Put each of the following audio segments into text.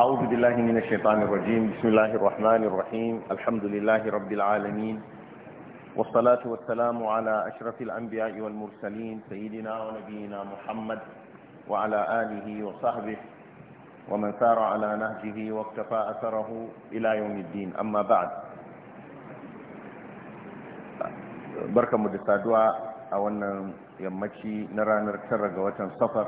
أعوذ بالله من الشيطان الرجيم بسم الله الرحمن الرحيم الحمد لله رب العالمين والصلاة والسلام على أشرف الأنبياء والمرسلين سيدنا ونبينا محمد وعلى آله وصحبه ومن سار على نهجه واكتفى أثره إلى يوم الدين أما بعد بركة مدسة دعاء أولا يمشي نرى نركسر قوة صفر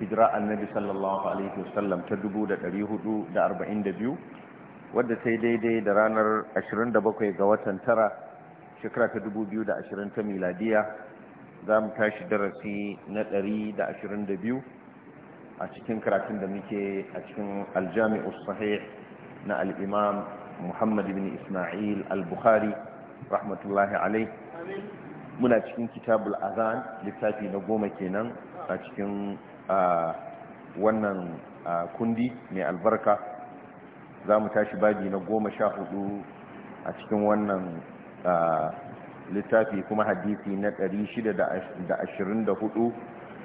hijira annabi sallallahu alaihi wasallam ta 442 wadda ta yi daidai da ranar 27 ga watan tara shekara ta 2020 ta miladiya za mu tashi darasi na 122 a cikin karatun da muke a cikin aljami'u sahih na al'imam muhammad bin ismail al-bukhari rahmatullahi alai muna cikin kitabul azan littafi na goma kenan a cikin a wannan kundi mai albarka za mu tashi babi na goma sha hudu a cikin wannan littafi kuma hadisi na 624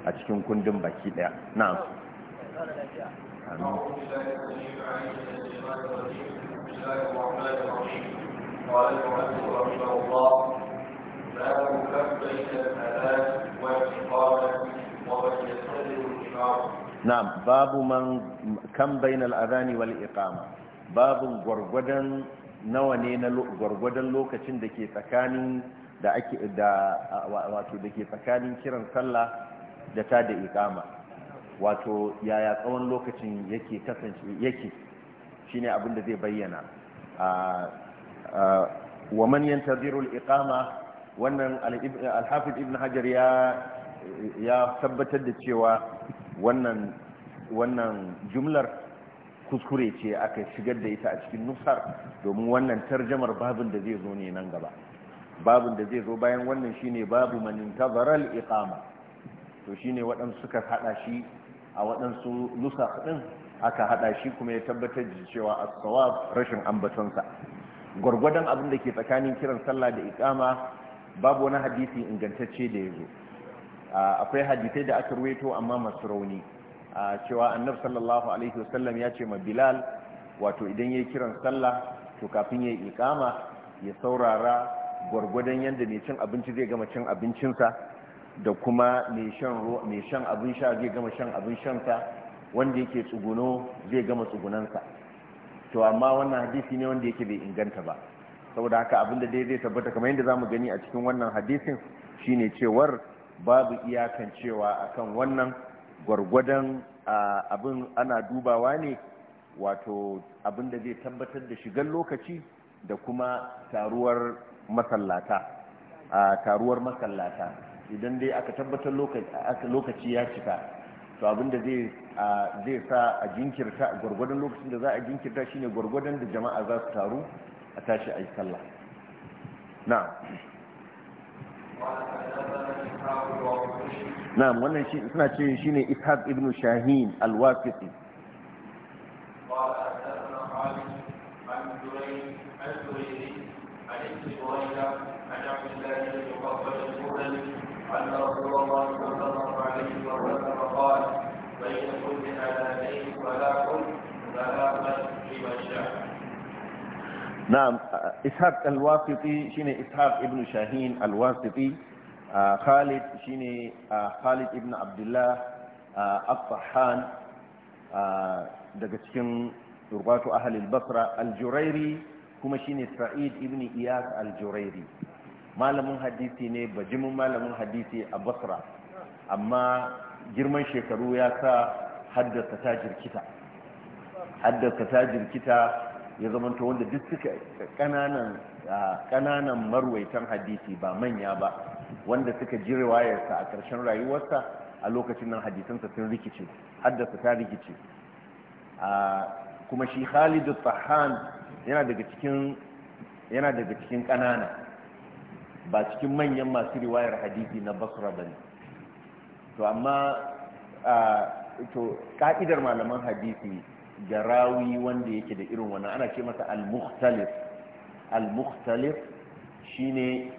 a cikin kundin baki daya na'am na'am babu man kan bainal adhani wal iqama babu gwargwadon nawa ne na gwargwadon lokacin da ke tsakanin da ake da wato da ke tsakanin kiran sallah da ta da iqama wato yaya tsawon lokacin yake kasance yake shine abin da zai bayyana wa man yantaziru al-iqama wannan al-hafiz ibn hajar ya ya tabbatar da cewa wannan jumlar kuskure ce aka shigar da ita a cikin nusar domin wannan tarjamar babin da zai zo ne nan gaba babin da zai zo bayan wannan shine babu manin tabaral iqama to shine waɗansu suka hada shi a waɗansu nusar ɗin aka hada shi kuma ya tabbatar da cewa a sawab rashin ambatonsa gwargwadon abin da ke tsakanin kiran sallah da iqama babu wani hadisi ingantacce da ya zo akwai hadisai da aka ruwaito amma masu rauni cewa annab sallallahu alaihi wasallam ya ce ma bilal wato idan ya kiran sallah to kafin ya ikama ya saurara gwargwadon yadda mai cin abinci zai gama cin abincinsa da kuma mai shan abin sha zai gama shan abin shansa wanda yake tsuguno zai gama tsugunansa to amma wannan hadisi ne wanda yake bai inganta ba saboda haka abinda dai zai tabbata kamar yadda zamu gani a cikin wannan hadisin shine cewar babu iyakan iyakancewa akan wannan gwargwadon abin ana dubawa ne wato abin da zai tabbatar da shigar lokaci da kuma taruwar masallata a taruwar masallata idan dai aka tabbatar lokaci ya cika to abin da zai sa a jinkirta gwargwadon lokacin da za a jinkirta shine gwargwadon da jama'a za su taru a tashi a yi sallah na نعم wannan shi suna ce shine ishaq ibn shahin al أن رسول الله صلى الله عليه وسلم قال شاء نعم إسحاق الواسطي شنو إسحاق ابن شاهين الواسطي نعم، khalid shine khalid ibn abdullah as-sahan daga cikin turbatu ahlul basra al-jurairi kuma shine sa'id ibn iyas al malamin hadisi ne bajimin malamin hadisi a basra amma girman shekaru ya sa haddasa ta jirkita haddasa ta jirkita ya zamanto wanda duk suka kananan marwaitan hadisi ba manya ba wanda suka ji riwayarsa a ƙarshen rayuwarsa a lokacin nan hadisansa sun rikice haddasa ta rikice kuma shi Khalidu tsahan yana daga cikin kanana ba cikin manyan masu riwayar hadisi na Basra bane to amma to ka'idar malaman hadisi ga rawi wanda yake da irin wannan ana ce masa al-mukhtalif al-mukhtalif shine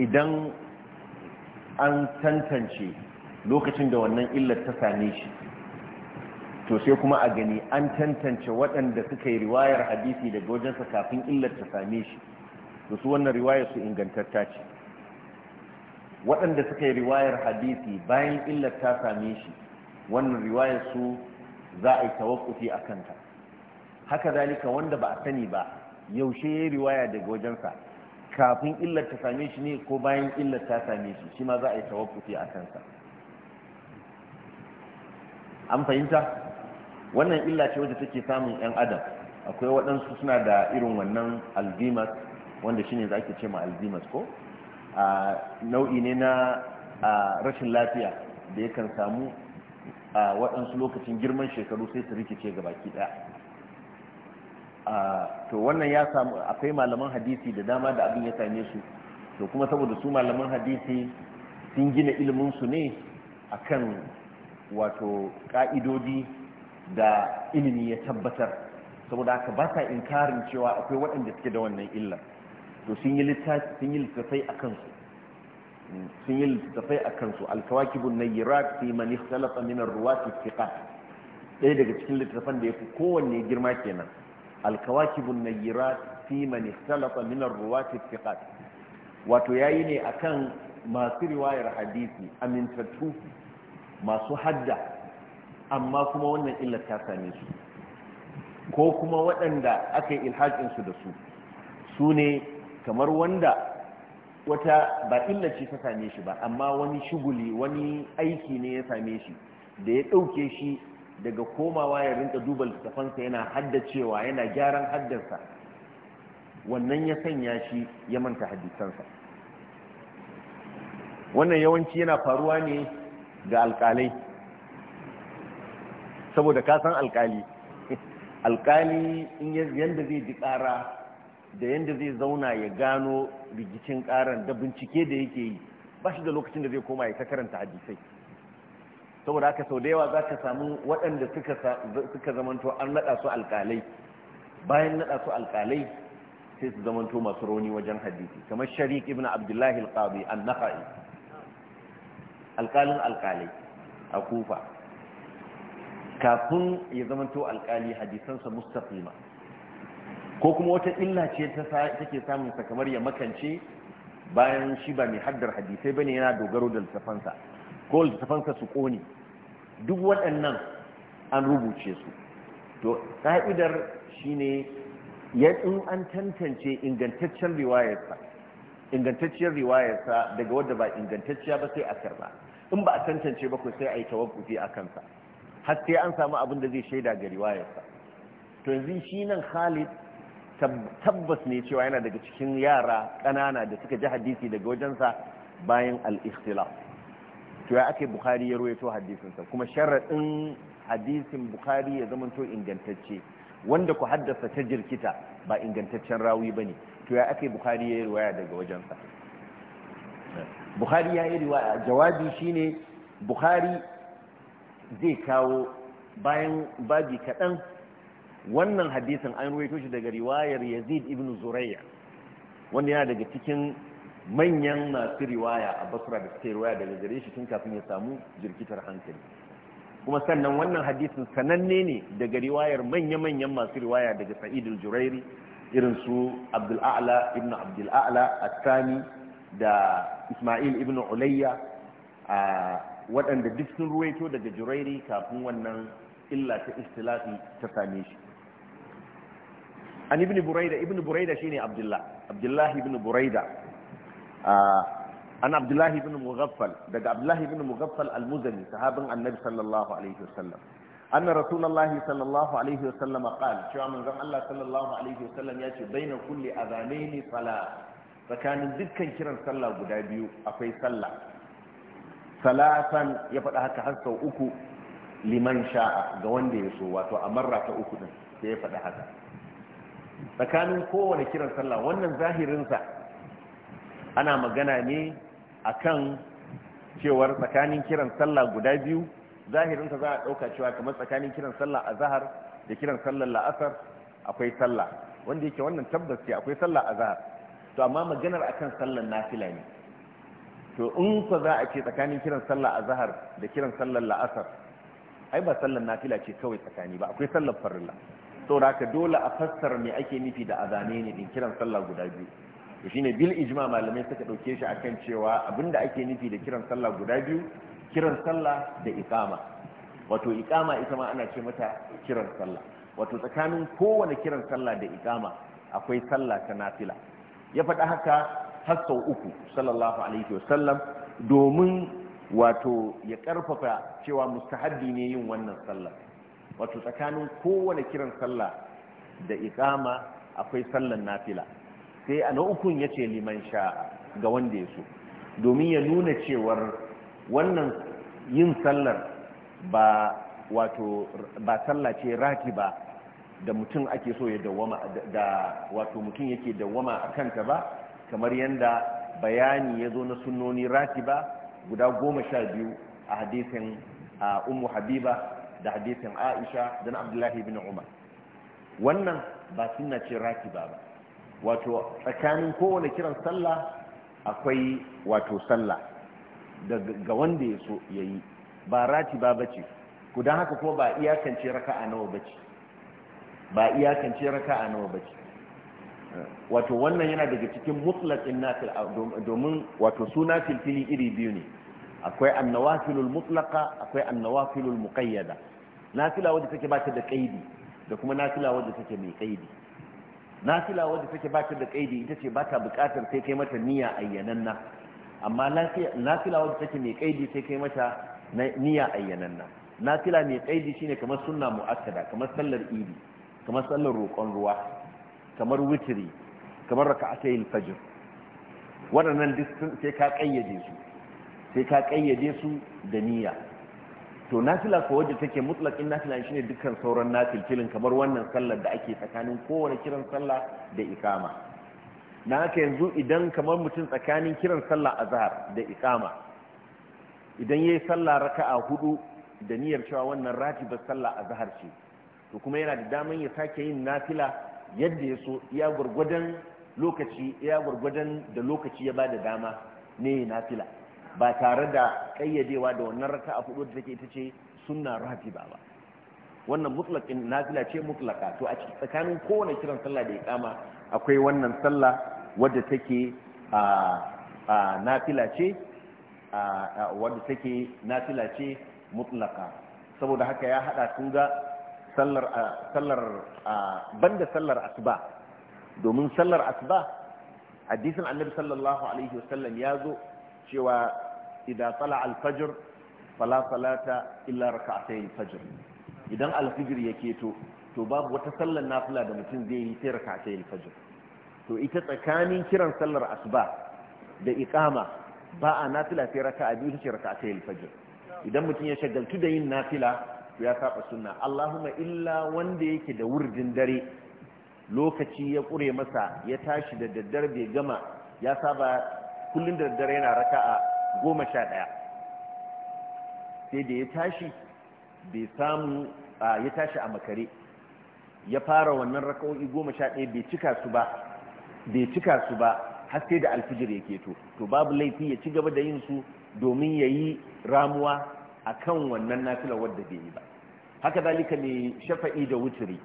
idan an tantance lokacin da wannan illar ta same shi to sai kuma a gani an tantance waɗanda suka yi riwayar hadisi daga wajensa kafin illar ta same shi to su wannan riwayar su ingantatta ce waɗanda suka yi riwayar hadisi bayan illar ta same shi wannan riwayar su za a yi tawakkufi a kanta haka zalika wanda ba a sani ba yaushe ya riwaya daga wajensa kafin illar ta same shi ne ko bayan illar ta same shi shi ma za a yi tawakkufi a kansa an fahimta wannan illa ce wadda take samun yan adam akwai waɗansu suna da irin wannan alzimas wanda shine za ake ce ma alzimas ko nau'i ne na rashin lafiya da yakan samu a waɗansu lokacin girman shekaru sai su rikice ga baki ɗaya to wannan ya samu akwai malaman hadisi da dama da abin ya same su to kuma saboda su malaman hadisi sun gina iliminsu ne akan wato ƙa'idodi da ilimi ya tabbatar saboda haka ba sa inkarin cewa akwai waɗanda suke da wannan illar to sun yi littafi sun yi littafai a kansu sun yi litattafai a kansu alkawakibun nayyirat fi man ikhtalafa min ar thiqat ɗaya daga cikin littattafan da ya fi kowanne girma kenan alkawakibun nayyirat fi man ikhtalafa min ar thiqat wato yayi ne akan masu riwayar hadisi amintattu masu hadda amma kuma wannan illar ta same su ko kuma waɗanda aka yi ilhaƙinsu da su su ne kamar wanda wata ba illa ce ta same shi ba amma wani shuguli wani aiki ne ya same shi da ya ɗauke shi daga komawa ya rinka duba littafansa yana haddacewa yana gyaran haddarsa wannan ya sanya shi ya manta hadisansa wannan yawanci yana faruwa ne ga alkalai saboda kasan alkali alkali in yadda zai ji ƙara da yadda zai zauna ya gano rigicin karan da bincike da yake yi ba shi da lokacin da zai koma ya ta karanta hadisai saboda haka sau da yawa za ka samu waɗanda suka zamanto an naɗa su alƙalai bayan naɗa su alƙalai sai su zamanto masu rauni wajen hadisi kamar sharik ibn abdullahi alƙabi an naƙa'i alƙalin alƙalai a kufa kafin ya zamanto alƙali hadisansa mustaqima ko kuma wata illa ce ta take samun sa kamar ya makance bayan shi ba mai haddar hadisai bane yana dogaro da littafansa ko littafansa su ƙone, duk waɗannan an rubuce su to ka'idar shine ya in an tantance ingantaccen riwayarsa ingantacciyar riwayarsa daga wadda ba ingantacciya ba sai a karba in ba a tantance ba ko sai a yi tawakkufi a kansa har sai an samu abin da zai shaida ga riwayarsa to yanzu shi nan Khalid tabbas ne cewa yana daga cikin yara ƙanana da suka ji hadisi daga wajensa bayan al to cewa ake bukhari ya to hadisinsa kuma sharaɗin hadisin bukhari ya zama to ingantacce wanda ku haddasa ta jirkita ba ingantaccen rawi ne to ya ake bukhari ya yi riwaya daga wajensa bukhari ya yi riwaya jawabi shine bukhari zai kawo bayan babi kaɗan wannan hadisin an ruwaito shi daga riwayar yazid ibn zurayya wanda yana daga cikin manyan masu riwaya a basra da suke riwaya daga gare shi tun kafin ya samu jirkitar hankali kuma sannan wannan hadisin sananne ne daga riwayar manya-manyan masu riwaya daga sa'id al-jurairi irin su abdul a'la ibn abdul a'la at-tani da isma'il ibn ulayya a waɗanda duk sun ruwaito daga jurairi kafin wannan illa ta istilafi ta same shi an ibn buraida ibn buraida shine abdullah abdullah ibn buraida an abdullah ibn mughaffal daga abdullah ibn mughaffal al-muzani sahabin annabi sallallahu alaihi wasallam anna rasulullah sallallahu alaihi wasallam qala cewa manzon Allah sallallahu alaihi wasallam yace baina kulli adhanaini salat tsakanin dukkan kiran sallah guda biyu akwai sallah salatan ya faɗa haka har sau uku liman sha'a ga wanda ya so wato a marra ta uku din sai ya faɗa haka tsakanin kowane kiran sallah wannan zahirinsa ana magana ne a kan cewar tsakanin kiran sallah guda biyu zahirinsa za a ɗauka cewa kamar tsakanin kiran sallah a zahar da kiran sallah la'asar akwai sallah wanda yake wannan tabbas ce akwai sallah a zahar to amma maganar a akan sallar nafila ne to in ko za a ce tsakanin kiran sallah a zahar da kiran sallar la'asar ai ba sallar nafila ce kawai tsakani ba akwai sallar farilla saboda haka dole a fassara me ake nufi da azane ne din kiran sallah guda biyu to shine bil ijma malamai suka dauke shi akan cewa abinda ake nufi da kiran sallah guda biyu kiran sallah da iqama wato iqama ita ma ana ce mata kiran sallah wato tsakanin kowane kiran sallah da ikama akwai sallah ta nafila ya faɗa haka har sau uku sallallahu alaihi wasallam domin wato ya karfafa cewa mustahabbi ne yin wannan sallah wato tsakanin kowane kiran sallah da ikama akwai sallan nafila sai a naukun ya ce liman sha ga wanda ya so domin ya nuna cewar wannan yin sallar ba wato ba sallah ce raki ba da mutum ake so ya dawama da wato mutum yake dawwama a kanta ba kamar yadda bayani ya zo na sunoni rati ba guda goma sha biyu a hadisin a umu habiba da hadisin Aisha da na Abdullahi bin Umar wannan ba sunna ce rakiba ba wato tsakanin kowane kiran sallah akwai wato sallah ga wanda ya so yayi ba ratiba bace ku dan haka ko ba iyakance raka'a nawa bace ba iyakance raka'a nawa bace wato wannan yana daga cikin mutlaqin nafil domin wato suna nafil fili iri biyu ne akwai annawafilul mutlaqa akwai annawafilul muqayyada nafila wadda take ba ta da kaidi da kuma nafila wadda take mai kaidi nafila wadda take ba ta da kaidi ita ce ba ta buƙatar sai kai mata niyya ayyananna amma nafila wadda take mai kaidi sai kai mata niyya ayyananna nafila mai kaidi shine kamar sunna mu'akkada kamar sallar idi kamar sallar roƙon ruwa kamar witiri kamar raka'atayil fajr waɗannan duk sai ka kayyade su sai ka kayyade su da niyya to nafila ko wadda take mutlaqin nafila shine dukkan sauran nafilkilin kamar wannan sallar da ake tsakanin kowane kiran sallah da ikama na haka yanzu idan kamar mutum tsakanin kiran sallah azhar da ikama idan yayi sallah raka'a hudu da niyyar cewa wannan ratibar sallah azhar ce to kuma yana da daman ya sake yin nafila yadda ya so iya gwargwadon lokaci iya gwargwadon da lokaci ya bada dama ne nafila ba tare da kayyadewa da wannan a huɗu da take ita ce sunna ratiba ba wannan mutlaqin nafila ce mutlaka to a tsakanin kowane kiran sallah da iqama akwai wannan sallah wadda take a nafila ce wadda take nafila ce saboda haka ya hada kun ga sallar sallar banda sallar asuba domin sallar asuba hadisin annabi sallallahu alaihi wasallam ya zo cewa idan tsala alfajir fala salata illa raka'atayn fajr idan alfajir ya keto to babu wata sallar nafila da mutum zai yi sai raka'atayn fajr to ita tsakanin kiran sallar asuba da iqama ba a nafila sai raka'a biyu sai raka'atayn fajr idan mutum ya shagaltu da yin nafila to ya saba sunna Allahumma illa wanda yake da wurdin dare lokaci ya kure masa ya tashi da daddare bai gama ya saba kullum da daddare yana raka'a goma sha ɗaya sai da ya tashi bai samu ya tashi a makare ya fara wannan raka'o'i goma sha ɗaya bai cika su ba bai cika su ba har sai da alfijir yake to to babu laifi ya ci gaba da yin su domin ya yi ramuwa a kan wannan nafilar wadda bai yi ba haka zalika ne shafa'i da wuturi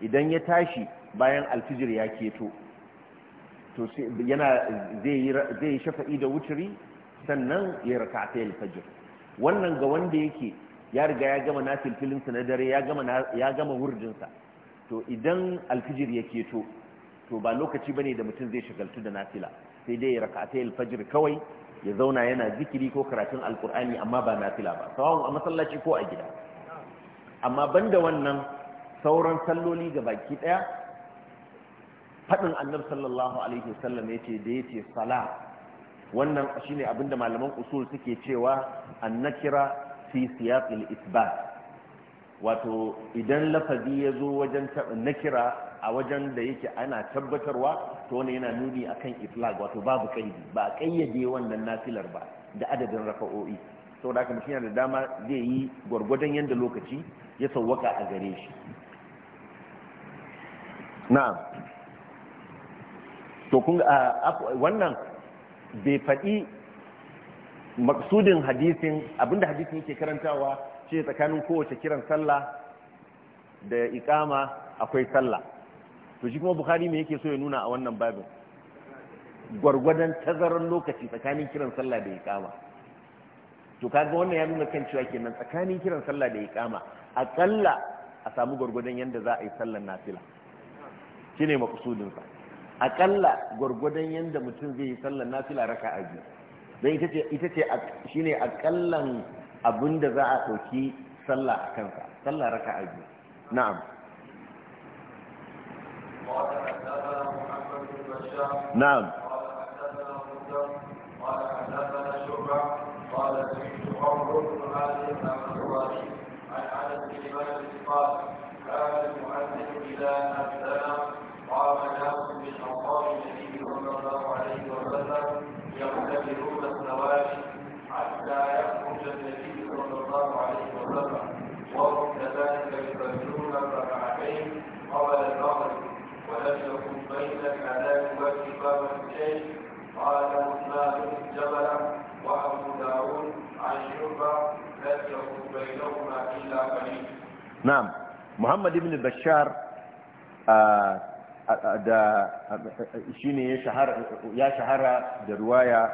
idan ya tashi bayan alfijir ya keto to yana zai yi shafa'i da wuturi sannan ya raka ta fajr wannan ga wanda yake ya riga ya gama nafil filinsa na dare ya gama wurdinsa to idan alfijir ya keto to ba lokaci ba ne da mutum zai shagaltu da nafila sai dai ya raka ta fajr kawai ya zauna yana zikiri ko karatun alkur'ani amma ba nafila ba sawon a masallaci ko a gida amma banda wannan sauran salloli ga baki daya faɗin annab sallallahu alaihi wasallam ya ce da ya ce sala wannan shine abinda malaman usul suke cewa annakira fi siyaqil isbat wato idan lafazi ya zo wajen nakira a wajen da yake ana tabbatarwa to wani yana nuni a kan iflag wato babu kaidi ba a kayyade wannan nafilar ba da adadin rafa'o'i da haka mutum yana da dama zai yi gwargwadon yadda lokaci ya sauwaka a gare shi Na, to kun wannan bai faɗi maksudin hadisin abinda hadisin yake karantawa ce tsakanin kowace kiran sallah da ikama akwai sallah to shi kuma bukari me yake so ya nuna a wannan babin gwargwadon tazarar lokaci tsakanin kiran sallah da ikama to kaga wannan ya nuna kan cewa kenan tsakanin kiran sallah da ikama akalla a samu gwargwadon yadda za a yi sallar nafila shine ne akalla gwargwadon yadda mutum zai yi sallar nafila raka a biyu don ita ce shi ne aƙallan abin da za a ɗauki sallah a kansa sallah raka a biyu na'am na'am muhammad ibn bashar da shi ne ya shahara da ruwaya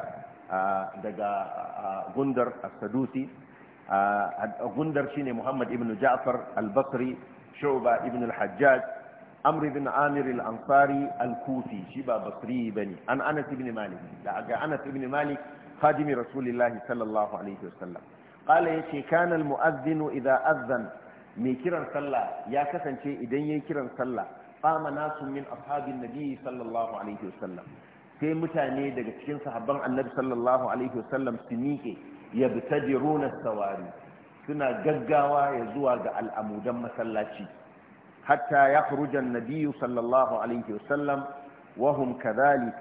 daga gundar sadusi gundar shi ne muhammad ibn ja'far al-basri shu'ba ibn al-hajjaj amr ibn amir al-ansari al-kufi shi ba basri bane an anas ibn malik daga anas ibn malik khadimi rasulillahi sallallahu alaihi wasallam qala yace kana al-mu'adhdhin idha adhan mai kiran sallah ya kasance idan ya yi kiran sallah qama nasu min ashabin nabi sallallahu alaihi wasallam sai mutane daga cikin sahabban annabi sallallahu alaihi wasallam su miƙe yabtadiruna sawari suna gaggawa ya zuwa ga al'amudan masallaci hatta ya furuja nabiyu sallallahu alaihi wasallam wahum kadhalik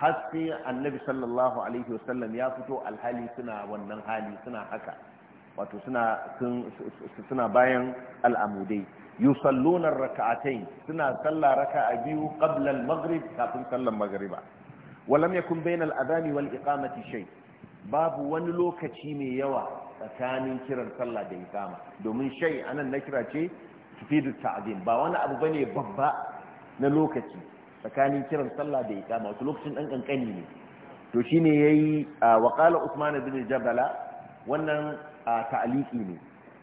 har sai annabi sallallahu alaihi wasallam ya fito alhali suna wannan hali suna haka wato suna bayan al'amudai yusalluna raka'atayn suna sallah raka'a biyu qabla magrib kafin sallar magriba walam yakun bayna al-adhan wal iqamati shai. babu wani lokaci mai yawa tsakanin kiran sallah da iqama domin a anan na kira ce tufidu ta'din ba wani abu bane babba na lokaci tsakanin kiran sallah da iqama wato lokacin dan kankani ne to shine yayi wa qala usman bin jabala wannan ta'aliki ne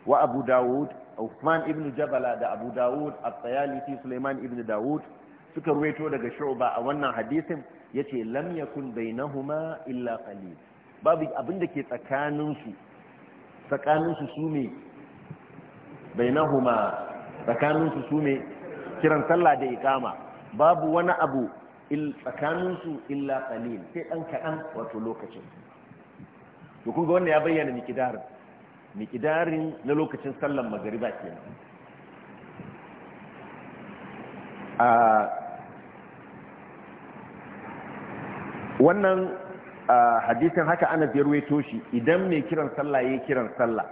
wa abu dawud Uthman ibn Jabala da Abu Dawud At-Tayalisi Sulaiman ibn Dawud suka ruwaito daga Shu'ba a wannan hadisin yace lam yakun bainahuma illa qalil babu abinda ke tsakanin su tsakanin su sume bainahuma tsakanin su sume kiran sallah da iqama babu wani abu il tsakanin su illa qalil sai dan kadan wato lokacin to kun ga wannan ya bayyana mikidarin miƙidarin na lokacin sallan ba ke wannan hadisun haka ana ruwaito toshi idan mai kiran sallah ya kiran sallah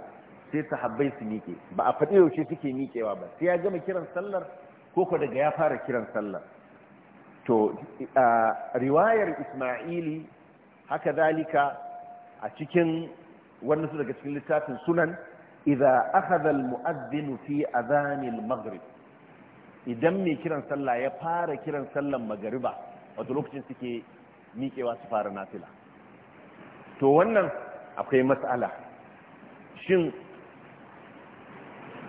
sai sahabbai su miƙe ba a faɗi yaushe suke miƙewa ba sai ya gama kiran sallar ko kwa daga ya fara kiran sallar to riwayar ismaili haka zalika a cikin wannan su daga cikin littafin sunan idza akhadha fi adhan maghrib idan mai kiran sallah ya fara kiran sallan magariba wato lokacin suke miƙewa su fara nafila to wannan akwai matsala shin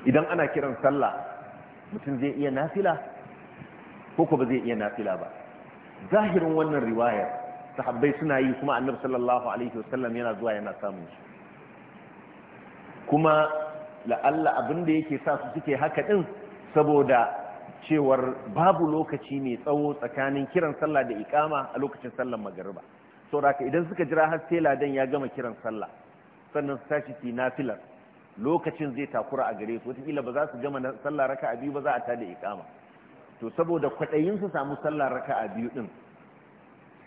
idan ana kiran sallah mutum zai iya nafila ko ko ba zai iya nafila ba zahirin wannan riwayar sahabbai suna yi kuma annabi sallallahu alaihi wasallam yana zuwa yana samun shi kuma la'alla abin da yake sa su suke haka din saboda cewar babu lokaci mai tsawo tsakanin kiran sallah da ikama a lokacin sallar magariba saboda idan suka jira har sai ladan ya gama kiran sallah sannan su tashi fi nafilar lokacin zai takura a gare su wataƙila ba za su gama sallah raka a biyu ba za a tada ikama to saboda kwaɗayin su samu sallah raka a biyu din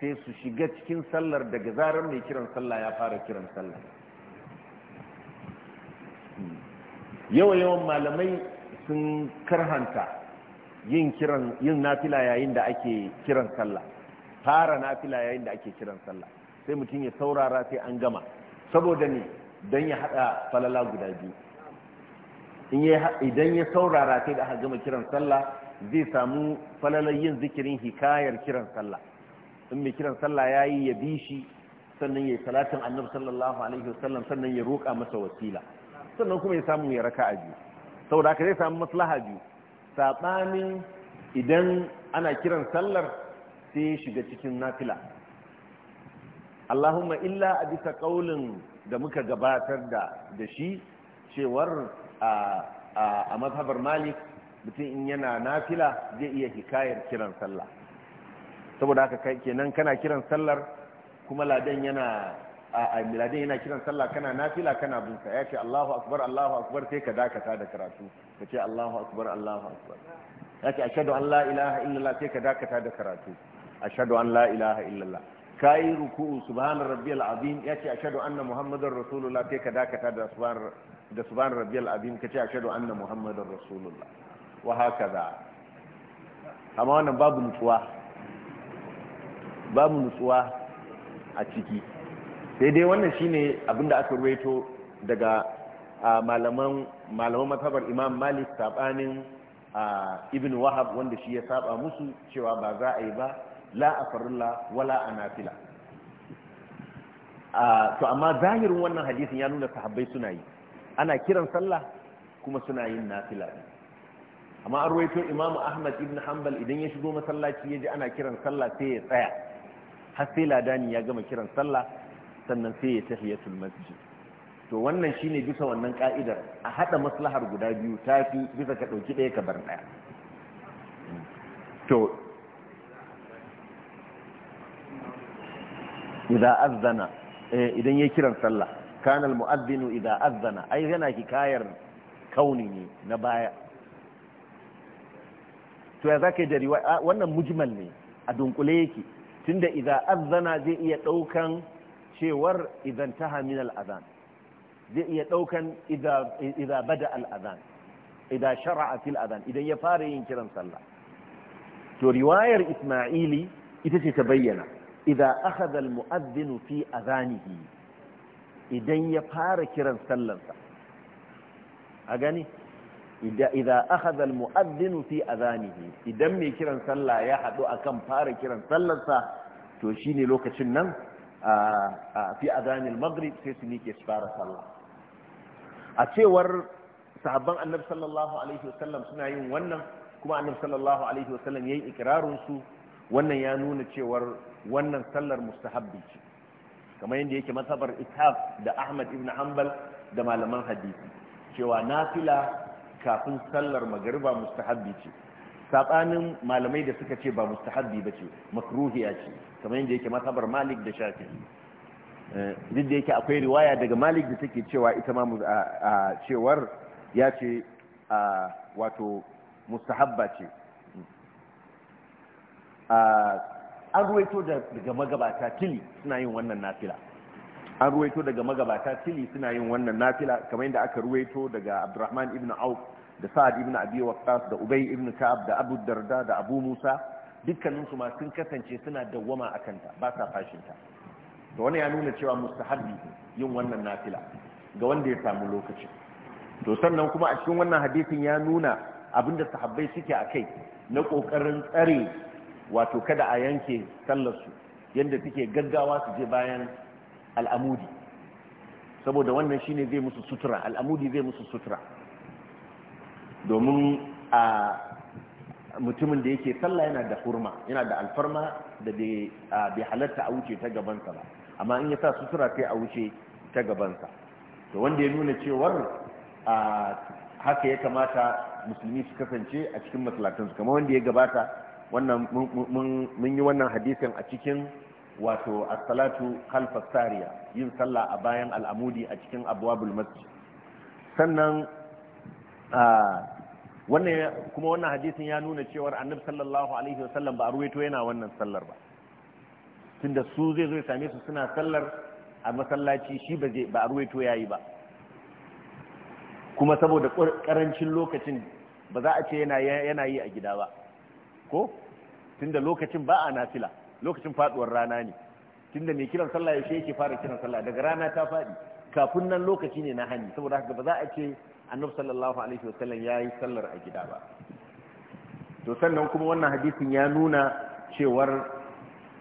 sai su shiga cikin sallar daga zarar mai kiran sallah ya fara kiran sallah yawa yawan malamai sun karhanta yin kiran yin nafila yayin da ake kiran sallah fara nafila yayin da ake kiran sallah sai mutum ya saurara sai an gama saboda ne don ya hada falala guda biyu idan ya saurara sai da aka gama kiran sallah zai samu falalar yin zikirin hikayar kiran sallah in mai kiran sallah ya yi ya bi shi sannan ya yi salatin annabi sallallahu alaihi wasallam sannan ya roƙa masa wasila sannan kuma ya samu ya raka a biyu saboda aka zai samu maslaha biyu saɓanin idan ana kiran sallar sai ya shiga cikin nafila allahumma illa a bisa ƙaulin da muka gabatar da da shi cewar a mazhabar malik mutum in yana nafila zai iya hikayar kiran sallah saboda haka kenan kana kiran sallar kuma ladan yana a miladin yana kiran sallah kana nafila kana bin sa ce Allahu akbar Allahu akbar sai ka dakata da karatu Ka ce Allahu akbar Allahu akbar yace ashhadu an la ilaha illallah sai ka dakata da karatu ashhadu an la ilaha illallah kai ruku'u subhana rabbiyal azim yace ashhadu anna muhammadar rasulullah sai ka dakata da subhan da subhan rabbiyal azim kace ashhadu anna muhammadar rasulullah wa hakaza amma wannan babu nutsuwa babu nutsuwa a ciki sai dai wannan shine abinda aka ruwaito daga malaman malaman mazhabar imam malik sabanin ibn wahab wanda shi ya saba musu cewa ba za a yi ba la a farilla wala a nafila to amma zahirin wannan hadisin ya nuna sahabbai suna yi ana kiran sallah kuma suna yin nafila amma an ruwaito imamu ahmad ibn hanbal idan ya shigo masallaci ya ji ana kiran sallah sai ya tsaya har sai ladani ya gama kiran sallah sannan sai ya tahiyatul masjid to wannan shine bisa wannan ka'idar a haɗa maslahar guda biyu tafi bisa ka ɗauki ɗaya ka bar ɗaya to azana eh, idan ya kiran sallah kana al mu'adhdhinu idza azana ai yana hikayar kauni ne na baya to ya zaka da wannan mujmal ne a dunkule yake tunda idan azana zai iya ɗaukan. cewar idan ta min al'adhan zai iya ɗaukan idan bada al'adhan idan shara a fil adhan idan ya fara yin kiran sallah to riwayar isma'ili ita ce ta bayyana idan aka zal muadhdhin fi adhanihi idan ya fara kiran sallansa a gani idan aka zal muadhdhin fi adhanihi idan mai kiran sallah ya hadu akan fara kiran sallansa to shine lokacin nan fi azanil maghrib sai su miƙe su fara sallah a cewar sahabban annabi sallallahu alaihi wasallam suna yin wannan kuma annabi sallallahu alaihi wasallam yayi ikrarin su wannan ya nuna cewar wannan sallar mustahabbi ce kamar yadda yake masabar ishaq da ahmad ibn hanbal da malaman hadisi cewa nafila kafin sallar magariba mustahabbi ce sabanin malamai da suka ce ba mustahabbi bace makruhiya ce kamar yadda yake masabar malik da shafi, eh, duk da yake akwai riwaya daga malik da take cewa ita ma cewar ya ce wato mustahabba ce an ruwaito daga magabata tili suna yin wannan nafila an ruwaito daga magabata tili suna yin wannan nafila kamar yadda aka ruwaito daga abdurrahman ibn auf da sa'ad ibn abi waqqas da ubay ibn ka'ab da abu darda da abu musa dukkanin su ma sun kasance suna dawwama a kanta, ba sa fashin ta to ya nuna cewa mustahabbi yin wannan nafila ga wanda ya samu lokaci to sannan kuma a cikin wannan hadisin ya nuna abin da sahabbai suke a kai na kokarin tsare wato kada a yanke sallar su yanda suke gaggawa su je bayan al'amudi saboda wannan shine zai musu sutura al'amudi zai musu sutura domin a mutumin da yake sallah yana da hurma yana da alfarma da bai halatta a wuce ta gabansa ba amma in ya sa sutura sai a wuce ta gabansa to wanda ya nuna cewar haka ya kamata musulmi su kasance a cikin masalatansu kamar wanda ya gabata mun yi wannan hadisin a cikin wato asalatu salatu sariya yin sallah a bayan al'amudi a cikin abwabul Maski sannan wannan kuma wannan hadisin ya nuna cewar annabi sallallahu alaihi wasallam ba a ruwaito yana wannan sallar ba tunda su zai zo ya same su suna sallar a masallaci shi ba zai ba a ruwaito yayi ba kuma saboda karancin lokacin ba za a ce yana yana yi a gida ba ko tunda lokacin ba a nafila lokacin faduwar rana ne tunda mai kiran sallah yaushe yake fara kiran sallah daga rana ta fadi kafin nan lokaci ne na hani saboda haka ba za a ce annabi sallallahu alaihi wasallam ya yi sallar a gida ba to sannan kuma wannan hadisin ya nuna cewar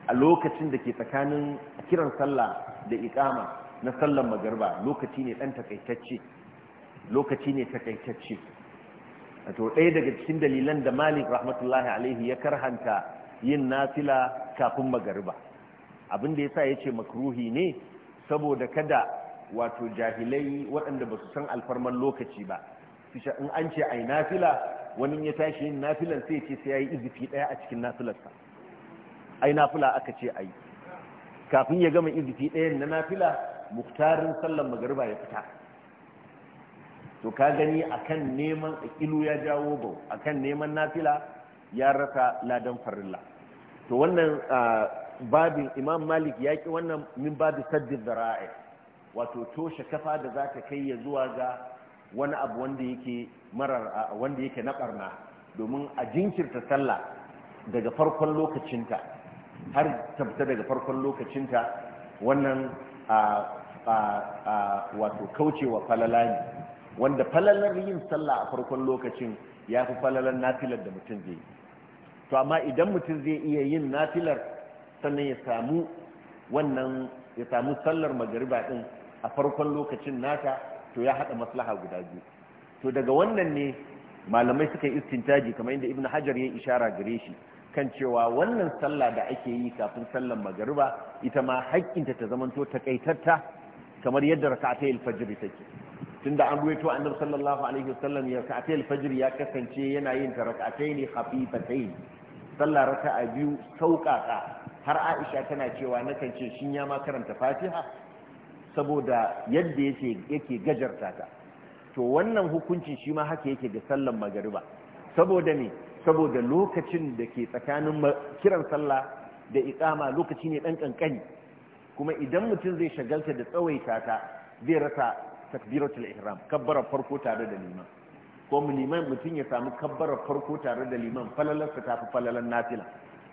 a lokacin da ke tsakanin kiran sallah da ikama na sallar magarba lokaci ne dan takaitacce lokaci ne takaitacce to ɗaya daga cikin dalilan da malik rahmatullahi alaihi ya karhanta yin nafila kafin magarba abin da yasa yace makruhi ne saboda kada wato jahilai waɗanda ba su san alfarman lokaci ba in an ce ai nafila wani ya tashi yin nafilan sai ce sai ya yi izifi ɗaya a cikin nafilarsa ai nafila aka ce ai kafin ya gama izifi ɗayan na nafila muktarin sallan magariba ya fita to ka gani akan neman ilu ya jawo bau akan neman nafila ya rasa ladan farilla to wannan ah, babin imam malik ya ki wannan min babu saddin zara'a wato toshe kafa da za ka kai ya zuwa ga wani abu wanda yake marar wanda yake na barna domin a jinkirta sallah daga farkon lokacinta har ta daga farkon lokacinta wannan wato kaucewa falala ne wanda falalar yin sallah a farkon lokacin ya fi falalar nafilar da mutum zai to amma idan mutum zai iya yin nafilar sannan ya samu wannan ya samu sallar magariba din a farkon lokacin nata to ya haɗa maslaha guda biyu to daga wannan ne malamai suka yi istintaji kamar yadda ibn hajar ya ishara gare shi kan cewa wannan sallah da ake yi kafin sallar magariba ita ma haƙƙinta ta zamanto takaitatta kamar yadda raka'atayil fajr take tunda an ruwaito annabi sallallahu alaihi wasallam ya raka'atayil fajr ya kasance yana yin ta ne khafifatayn sallah raka'a biyu sauƙaƙa har Aisha tana cewa nakan ce shin ya ma karanta Fatiha saboda yadda yake gajarta ta to wannan hukuncin shi ma haka yake da sallan magariba saboda ne saboda lokacin da ke tsakanin kiran sallah da ikama lokaci ne dan kankani kuma idan mutum zai shagalta da tsawaita ta zai rasa takbiratul ihram kabbara farko tare da liman ko liman mutum ya samu kabbara farko tare da liman falalarsa tafi falalar nafila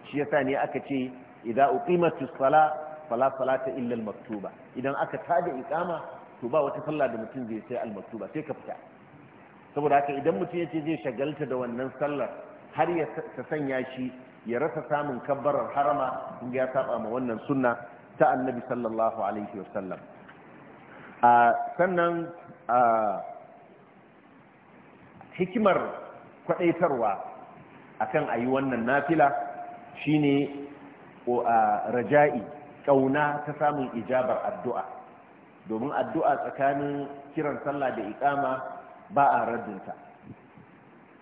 shi yasa ne aka ce idza uqimatus salat fala salata illa al-maktuba idan aka tada iqama to ba wata sallah da mutum zai sai al-maktuba sai ka fita saboda haka idan mutum yace zai shagalta da wannan sallar har ya ta sanya shi ya rasa samun kabbarar harama in ya saba ma wannan sunna ta annabi sallallahu alaihi wasallam a sannan a hikimar kwadaitarwa akan ayi wannan nafila shine raja'i kauna ta samun ijabar addu'a domin addu'a tsakanin kiran sallah da iƙama ba a raddinta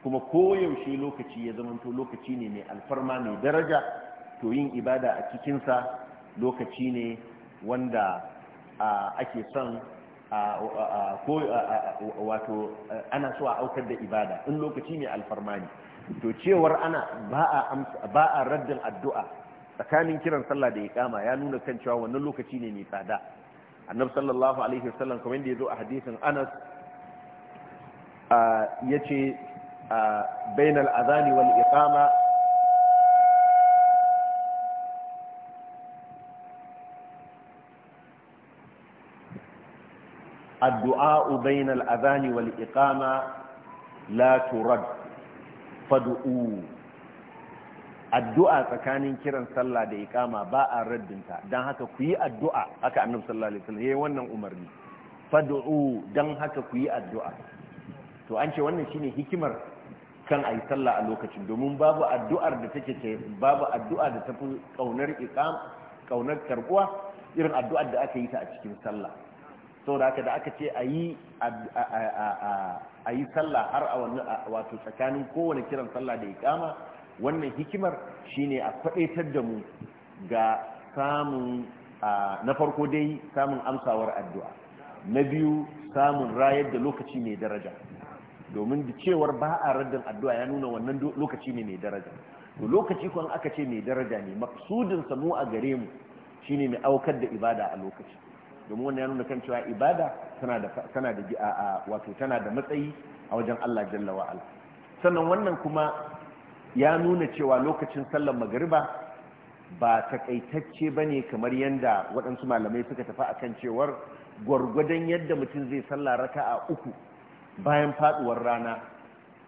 kuma koyaushe lokaci ya zamanto lokaci ne mai alfarma mai daraja to yin ibada a cikinsa lokaci ne wanda ake son wato ana so a aukar da ibada in lokaci mai alfarma ne to cewar ana ba a raddin addu'a tsakanin kiran sallah da iqama ya nuna kan cewa wannan lokaci ne mai tsada annabi sallallahu alaihi wasallam kuma inda yazo a hadisin Anas yace bainal adhan wal iqama addu'a الدعاء adhan wal iqama la turad fad'u addu'a tsakanin kiran sallah da ikama ba a raddinta dan haka ku yi addu'a haka annabi sallallahu alaihi wasallam yayin wannan umarni fad'u dan haka ku yi addu'a to an ce wannan shine hikimar kan ayi sallah a lokacin domin babu addu'ar da take ce babu addu'a da tafi kaunar iqam kaunar karbuwa irin addu'ar da aka yi ta a cikin sallah saboda haka da aka ce ayi yi sallah har a wato tsakanin kowane kiran sallah da ikama. wannan hikimar shine a faɗaitar da mu ga samun na farko dai samun amsawar addu'a na biyu samun rayar da lokaci mai daraja domin da cewar ba a raddin addu'a ya nuna wannan lokaci ne mai daraja to lokaci kwan aka ce mai daraja ne maksudin mu a gare mu shine mai aukar da ibada a lokaci domin wannan ya nuna kan cewa ibada tana da tana matsayi a wajen Allah jalla wa'ala ala sannan wannan kuma ya nuna cewa lokacin sallar magariba ba takaitacce ba ne kamar yadda waɗansu malamai suka tafi akan cewar gwargwadon yadda mutum zai salla raka a uku bayan faduwar rana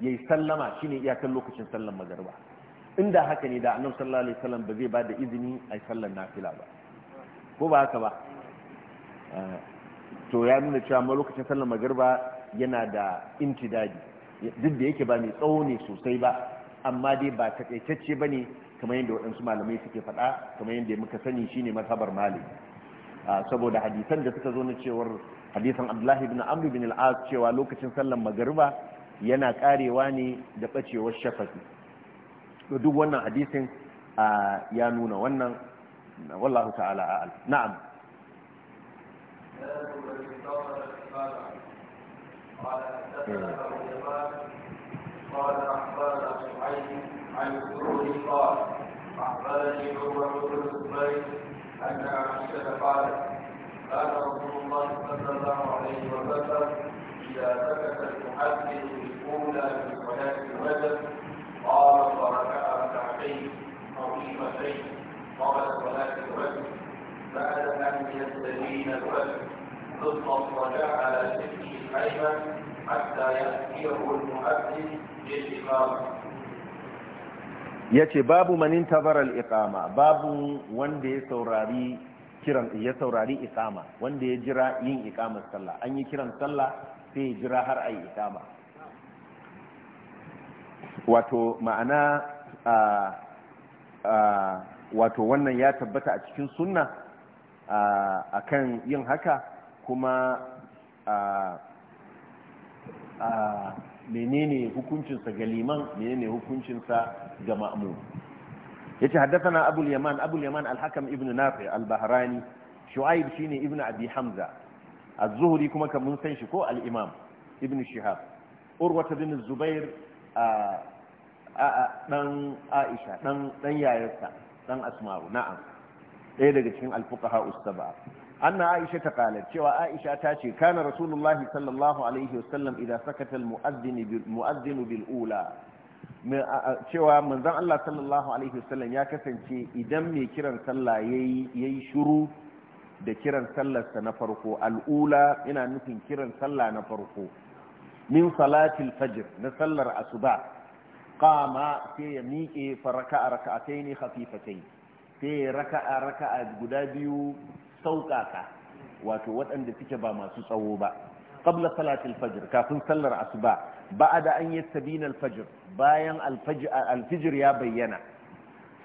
ya yi sallama shi ne iyakar lokacin sallar magariba inda haka ne da annan sallar alaihi wasallam ba zai ba da izini a yi sallar nafila ba ko ba haka ba to ya nuna cewa ma lokacin sallar magariba yana da intidadi duk da yake ba mai tsawo ne sosai ba amma dai ba takaitacce ba ne kamar yadda waɗansu malamai suke faɗa kamar yadda muka sani shi ne mazhabar mali saboda hadisan da suka zo na cewar hadisan abdullahi ibn amru bin al'as cewa lokacin sallan magariba yana karewa ne da bacewar shafafi to duk wannan hadisin ya nuna wannan wallahu ta'ala a'al na'am قال eh. الزهري قال أخبرني عمر بن أن عائشة قالت كان رسول الله صلى الله عليه وسلم إذا سكت المحدث الأولى في صلاة الرجل قال فركع ركعتين عظيمتين قبل صلاة الرجل بعد أن يستبين الرجل ثم اضطجع على سنه حتى يأتيه المؤذن للإمامة ya ce babu manin tabaral ikama babu wanda ya saurari kiran ya saurari ikama wanda ya jira yin ikama sallah an yi kiran sallah sai ya jira har ayi ikama wato ma'ana wato wannan ya tabbata a cikin sunna a kan yin haka kuma menene hukuncinsa ga liman menene hukuncinsa ga ma'mum yace haddasa abul yaman abul yaman al-hakam ibn nafi al-bahrani shu'aib shine ibn abi hamza az-zuhri kuma kan mun san shi ko al-imam ibn shihab urwata bin zubair a dan aisha dan dan yayarsa dan asma'u na'am ɗaya daga cikin al-fuqaha us anna aisha ta qalat cewa aisha ta ce kana rasulullahi sallallahu alaihi wasallam idan sakata almu'adhdhin bil cewa manzon Allah sallallahu alaihi wasallam ya kasance idan mai kiran sallah yayi yayi shiru da kiran sallarsa na farko al'ula ina nufin kiran sallah na farko min salatil fajr na sallar asuba ƙama sai ya miƙe fa raka'a raka'ataini khafifatain sai raka'a raka'a guda biyu sauƙaƙa wato waɗanda suke ba masu tsawo ba ƙabla salatul fajr kafin sallar asuba ba'a an anyi al-fajr bayan alfijir ya bayyana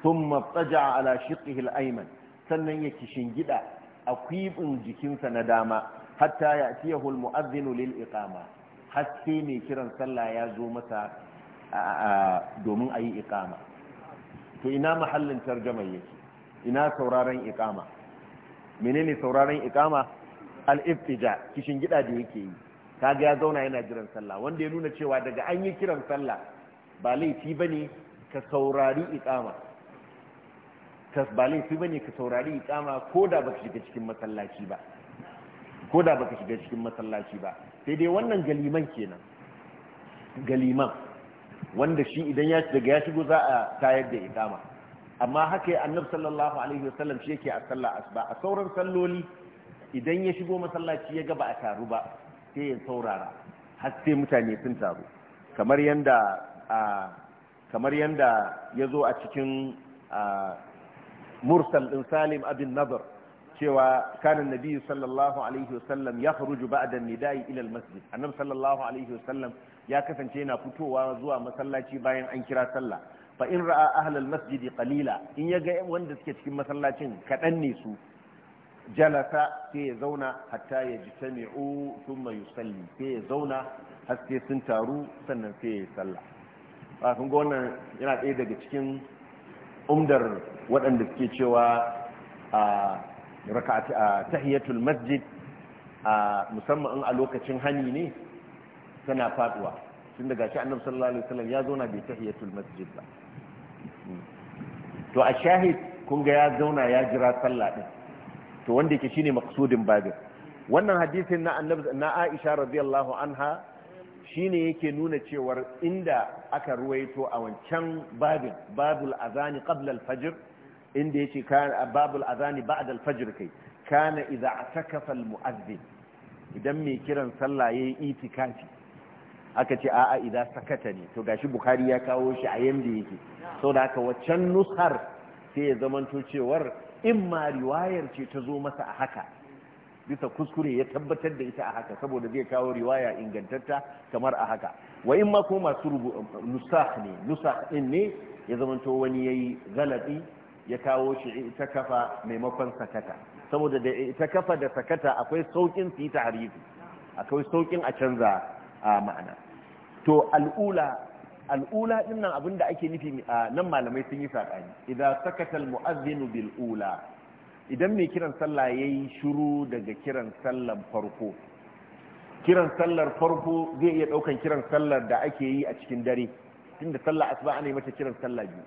sun taja'a ala shiqqihi aiman sannan ya kishingida a kwibin jikinsa na dama hatta ya'tiyahu al-mu'adhdhin lil iqama haske mai kiran sallah ya zo masa domin ayi iqama to ina mahallin tarjuma yake ina sauraron iqama menene sauraron ikama al-iftija kishin gida da yake yi kaga ya zauna yana jiran sallah wanda ya nuna cewa daga an yi kiran sallah ba laifi bane ka saurari ikama kas ba laifi bane ka saurari ikama koda baka shiga cikin masallaci ba koda baka shiga cikin masallaci ba sai dai wannan galiman kenan galiman wanda shi idan ya daga ya shigo za a tayar da ikama amma haka annabi sallallahu alaihi wasallam shi yake a sallah asuba a sauran salloli idan ya shigo masallaci ya ga ba a taru ba sai ya saurara har sai mutane sun taru kamar yanda kamar yanda ya zo a cikin mursal din salim abin nazar cewa kanan nabi sallallahu alaihi wasallam ya faruju ba'da nida'i ila masjid annabi sallallahu alaihi wasallam ya kasance yana fitowa zuwa masallaci bayan an kira sallah fa in ra'a ahlal masjidi qalila in ya ga wanda suke cikin masallacin kaɗan ne su jalasa sai ya zauna hatta ya ji tami'u thumma yusalli sai ya zauna har sun taru sannan sai ya salla. ba kun ga wannan yana ɗaya daga cikin umdar waɗanda suke cewa a tahiyatul masjid a musamman in a lokacin hani ne tana faduwa tun daga shi annabi sallallahu alaihi wasallam ya zauna bai tahiyatul masjid ba to a shahid kun ga ya zauna ya jira sallah din to wanda yake shine maqsudin babin wannan hadisin na annabi na Aisha radiyallahu anha shine yake nuna cewar inda aka ruwaito a wancan babin babul azani qabla al-fajr inda yace kana babul azani ba'da al-fajr kai kana idza atakafa al-mu'adhdhin idan mai kiran sallah yayi itikafi aka ce a'a idan sakata ne to gashi bukhari ya kawo shi a yanda yake sau da haka waccan nushar sai ya zamanto cewar in ma riwayar ce ta zo masa a haka bisa kuskure ya tabbatar da ita a haka saboda zai kawo riwaya ingantatta kamar a haka wa in ma ko masu nusakh ne nusakh din ne ya zamanto wani yayi galabi ya kawo shi ta kafa maimakon sakata saboda da ita kafa da sakata akwai saukin su yi harifi akwai saukin a canza a ma'ana to al'ula al'ula din nan abin da ake nufi nan malamai sun yi saɓani idan sakatal mu'azzinu bil ula idan mai kiran sallah yayi shuru daga kiran sallar farko kiran sallar farko zai iya ɗaukan kiran sallar da ake yi a cikin dare tunda sallah asuba ana yi mata kiran sallah biyu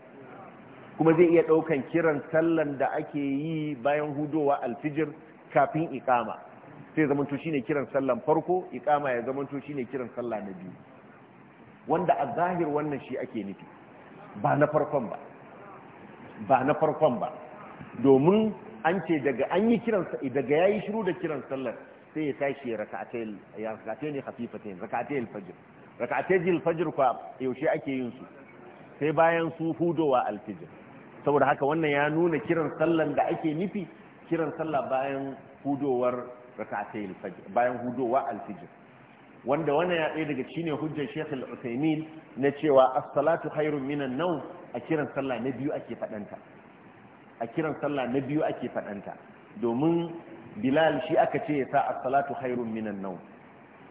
kuma zai iya ɗaukan kiran sallar da ake yi bayan hudowa alfijir kafin iqama sai zamanto shine kiran sallar farko iqama ya zamanto shine kiran sallah na biyu wanda a zahir wannan shi ake nufi ba na farkon ba ba na farkon ba domin an ce daga an yi kiran daga yayi shiru da kiran sallar sai ya tashi ya raka'atai ya raka'atai ne khafifatain raka'atai al-fajr raka'atai kwa yaushe ake yin su sai bayan su hudowa al saboda haka wannan ya nuna kiran sallar da ake nufi kiran sallar bayan hudowar raka'atai al bayan hudowa alfijir wanda wannan ya ɗaya daga ne hujjar Sheikh Al-Uthaymeen na cewa as-salatu khairun minan nawm a kiran sallah na biyu ake fadanta a kiran sallah na biyu ake fadanta domin Bilal shi aka ce ya sa as-salatu khairun minan nawm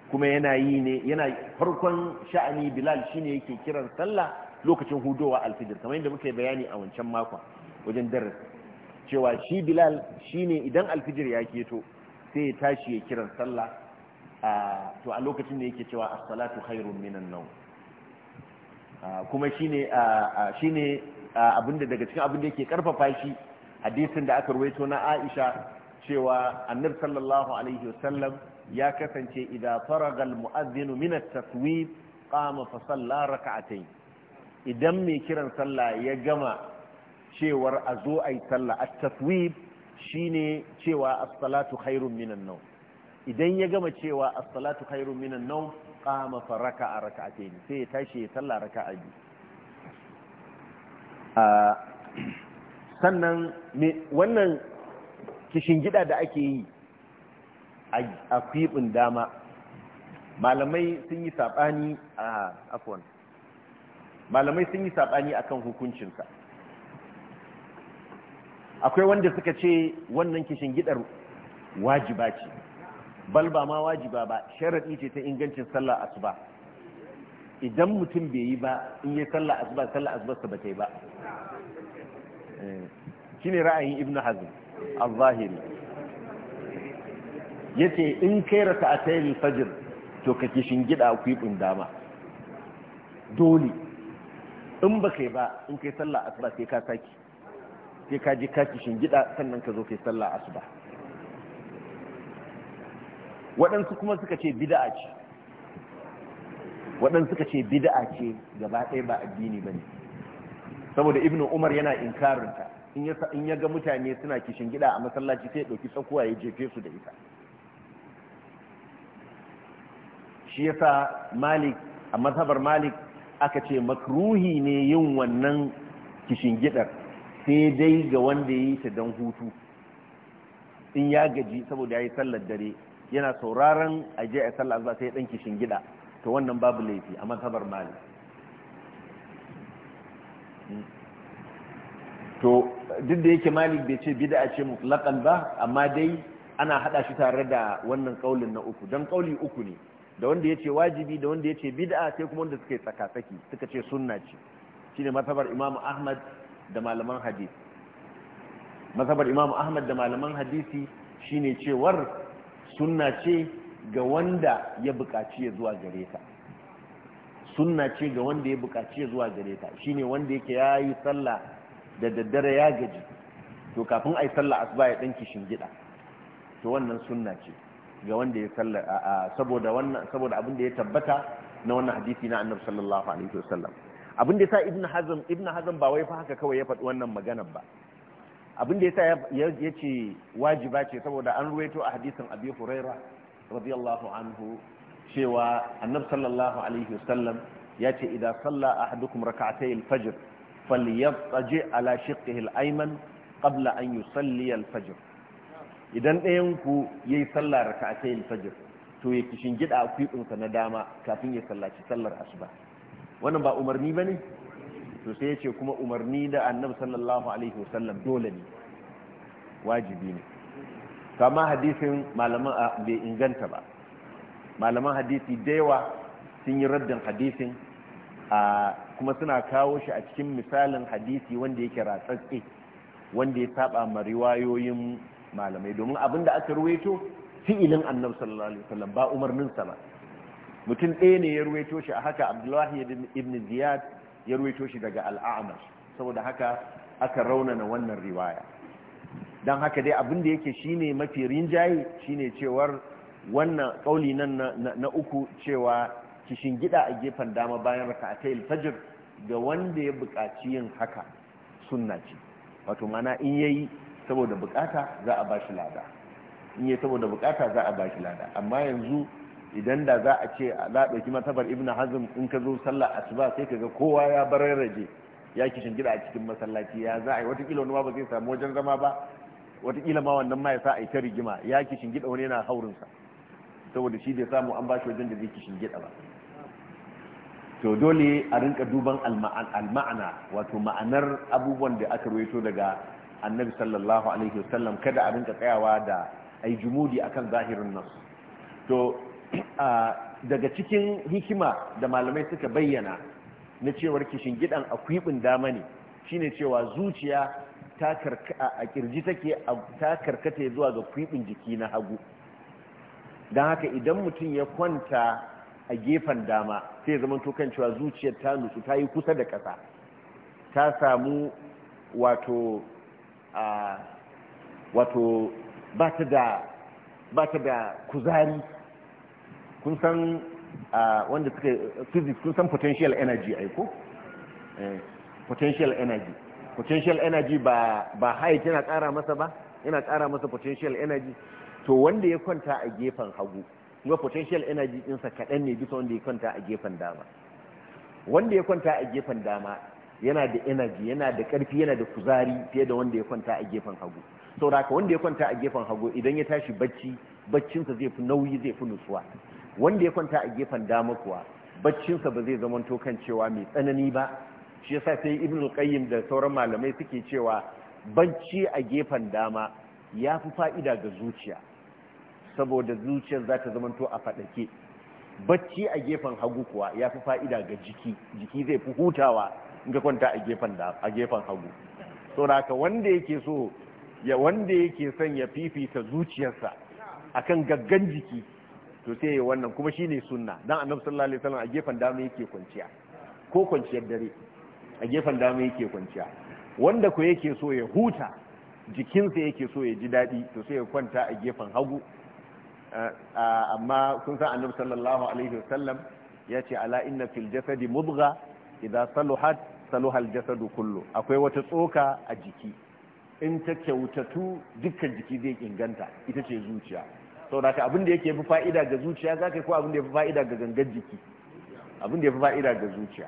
kuma yana yi ne yana farkon sha'ani Bilal shine yake kiran sallah lokacin hudowa alfijir kamar yadda muka yi bayani a wancan makon wajen darasi cewa shi Bilal shine idan alfijir ya keto sai ya tashi ya kiran sallah to a lokacin da yake cewa as-salatu khairun minan nawm kuma shine shine abinda daga cikin abinda yake karfafa shi hadisin da aka ruwaito na Aisha cewa annabi sallallahu alaihi wasallam ya kasance idza faraga al-mu'adhdhin min at-taswib qama fa salla rak'atayn idan mai kiran sallah ya gama cewar a zo ai sallah at-taswib shine cewa as-salatu khairun minan nawm idan ya gama cewa as-salatu khairu minan nawm qama fa raka'a raka'atayn sai ya tashi ya salla raka'a biyu sannan wannan kishin gida da ake yi a kwibin dama malamai sun yi saɓani a afwan malamai sun yi sabani akan hukuncinsa akwai wanda suka ce wannan kishin gidar wajiba ce bal ba ma wajiba ba sharadi ce ta ingancin sallar asuba idan mutum bai yi ba in yi sallar asuba sallar asuba sa bata yi ba eh, shine ra'ayin ibnu hazm al-zahiri yace in kai raka'atayil fajr to ka kishin gida ku yi dama dole in ba kai ba in kai sallar asuba sai ka saki sai ka ji ka kishin gida sannan ka zo kai sallar asuba waɗansu kuma suka ce bid'a ce waɗansu suka ce bid'a ce gaba ɗaya ba addini ba ne saboda ibn umar yana inkarinta in ya ga mutane suna kishin gida a masallaci sai ɗauki tsakuwa ya jefe su da ita shi ya sa malik a mazhabar malik aka ce makruhi ne yin wannan kishin gidar sai dai ga wanda ya yi ta don hutu in ya gaji saboda ya yi sallar dare yana sauraron aje a sallah asuba sai ya dan kishin gida to wannan babu laifi a mazhabar malik to duk da yake malik bai ce bid'a ce mutlaqan ba amma dai ana hada shi tare da wannan kaulin na uku dan kauli uku ne da wanda yace wajibi da wanda yace bid'a sai kuma wanda suka yi tsakatsaki suka ce sunna ce shine mazhabar imamu ahmad da malaman hadisi mazhabar imamu ahmad da malaman hadisi shine cewar sunna ce ga wanda ya buƙaci ya zuwa gare ta sunna ce ga wanda ya buƙaci ya zuwa gare ta shine wanda yake ya yi sallah da daddare ya gaji to kafin a yi sallah asuba ya ɗanki shingida to wannan sunna ce ga wanda ya sallah saboda wannan saboda abin da ya tabbata na wannan hadisi na annabi sallallahu alaihi wasallam abin da ya sa ibn hazm hazm ba wai fa haka kawai ya faɗi wannan maganar ba abin da yasa ya ce wajiba ce saboda an ruwaito a hadisin abi huraira radiyallahu anhu cewa annabi sallallahu alaihi wasallam ya ce idan salla ahadukum rak'atay al-fajr falyattaji ala shiqqihi al-ayman qabla an yusalli al-fajr idan ɗayan ku yayi sallah rak'atay al-fajr to ya kishin gida a kwibinsa na dama kafin ya sallaci sallar asuba wannan ba umarni bane to sai ya ce kuma umarni da annabi sallallahu alaihi wasallam dole ne wajibi ne kama hadisin malaman bai inganta ba malaman hadisi da yawa sun yi raddin hadisin kuma suna kawo shi a cikin misalin hadisi wanda yake ratsatse wanda ya saba ma riwayoyin malamai domin abinda aka ruwaito fi'ilin annabi sallallahu alaihi wasallam ba umarnin sa ba mutum ɗaya ne ya ruwaito shi a haka abdullahi ibn ziyad ya ruwaito shi daga al'amash saboda haka aka raunana wannan riwaya don haka dai abin da yake shine mafi rinjaye shine cewar wannan kauli nan na uku cewa kishin gida a gefen dama bayan raka'atayil fajir ga wanda ya buƙaci yin haka sunna ce wato mana in yayi saboda bukata za a bashi lada in yayi saboda bukata za a bashi lada amma yanzu idan da za a ce za a ɗauki masabar ibn hazm in ka zo sallah asuba sai ka ga kowa ya bararraje ya shan gida a cikin masallaci ya za a yi watakila wani ma ba zai samu wajen zama ba watakila ma wannan ma ya sa a yi ta rigima ya shan gida wani yana haurinsa saboda shi bai samu an ba shi wajen da zai kishin gida ba to dole a rinka duban alma'ana wato ma'anar abubuwan da aka rawaito daga annabi sallallahu alaihi wasallam kada a rinka tsayawa da ai jumudi akan zahirin nas to daga cikin hikima da malamai suka bayyana na cewar kishin gidan a kwibin dama ne shine cewa zuciya a kirji take ta karkata zuwa ga kwibin jiki na hagu don haka idan mutum ya kwanta a gefen dama sai zama kan cewa zuciyar ta nutsu ta yi kusa da ƙasa ta samu wato wato ba ta da kuzari kun san wanda suka physics kun san potential energy ai ko eh, potential energy potential energy ba ba height yana ƙara masa ba yana ƙara masa potential energy to wanda ya kwanta a gefen hagu kuma potential energy ɗinsa kaɗan ne bisa wanda ya kwanta a gefen dama wanda ya kwanta a gefen dama yana da energy yana da ƙarfi yana da kuzari fiye da wanda ya kwanta a gefen hagu saboda haka wanda ya kwanta a gefen hagu idan ya tashi bacci baccinsa zai fi nauyi zai fi nutsuwa wanda ya kwanta a gefen dama kuwa baccinsa ba zai zama tokan kan cewa mai tsanani ba shi yasa sai ibn al-qayyim da sauran malamai suke cewa bacci a gefen dama ya fi fa'ida ga zuciya saboda zuciyar za ta zama to a faɗake bacci a gefen hagu kuwa ya fi fa'ida ga jiki jiki zai fi hutawa in ka kwanta a gefen a gefen hagu so da wanda yake so ya wanda yake son ya fifita zuciyarsa akan gaggan jiki to sai wannan kuma shine sunna dan annabi sallallahu alaihi wasallam a gefen dama yake kwanciya ko kwanciyar dare a gefen dama yake kwanciya wanda ko yake so ya huta jikinsa yake so ya ji daɗi to sai ya kwanta a gefen hagu amma kun san annabi sallallahu alaihi wasallam ya ce ala inna fil jasadi mudgha idza saluhat saluha jasadu kullu akwai wata tsoka a jiki in ta kyautatu dukkan jiki zai inganta ita ce zuciya da ka abin da yake fi fa'ida ga zuciya za ka yi ko abin da ya fi fa'ida ga gangan jiki abin da ya fi fa'ida ga zuciya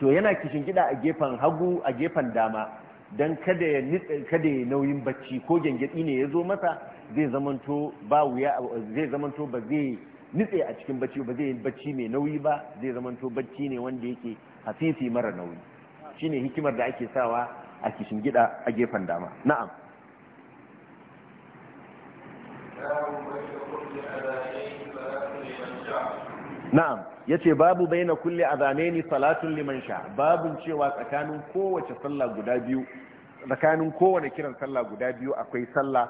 to yana kishin gida a gefen hagu a gefen dama don kada ya kada ya nauyin bacci ko gyangyaɗi ne ya zo masa zai zamanto ba wuya zai zamanto ba zai nitse a cikin bacci ba zai bacci mai nauyi ba zai zamanto bacci ne wanda yake hafifi mara nauyi shine hikimar da ake sawa a kishin gida a gefen dama na'am na'am yace babu baina kulli azanaini salatun liman sha babun cewa tsakanin kowace sallah guda biyu tsakanin kowane kiran sallah guda biyu akwai sallah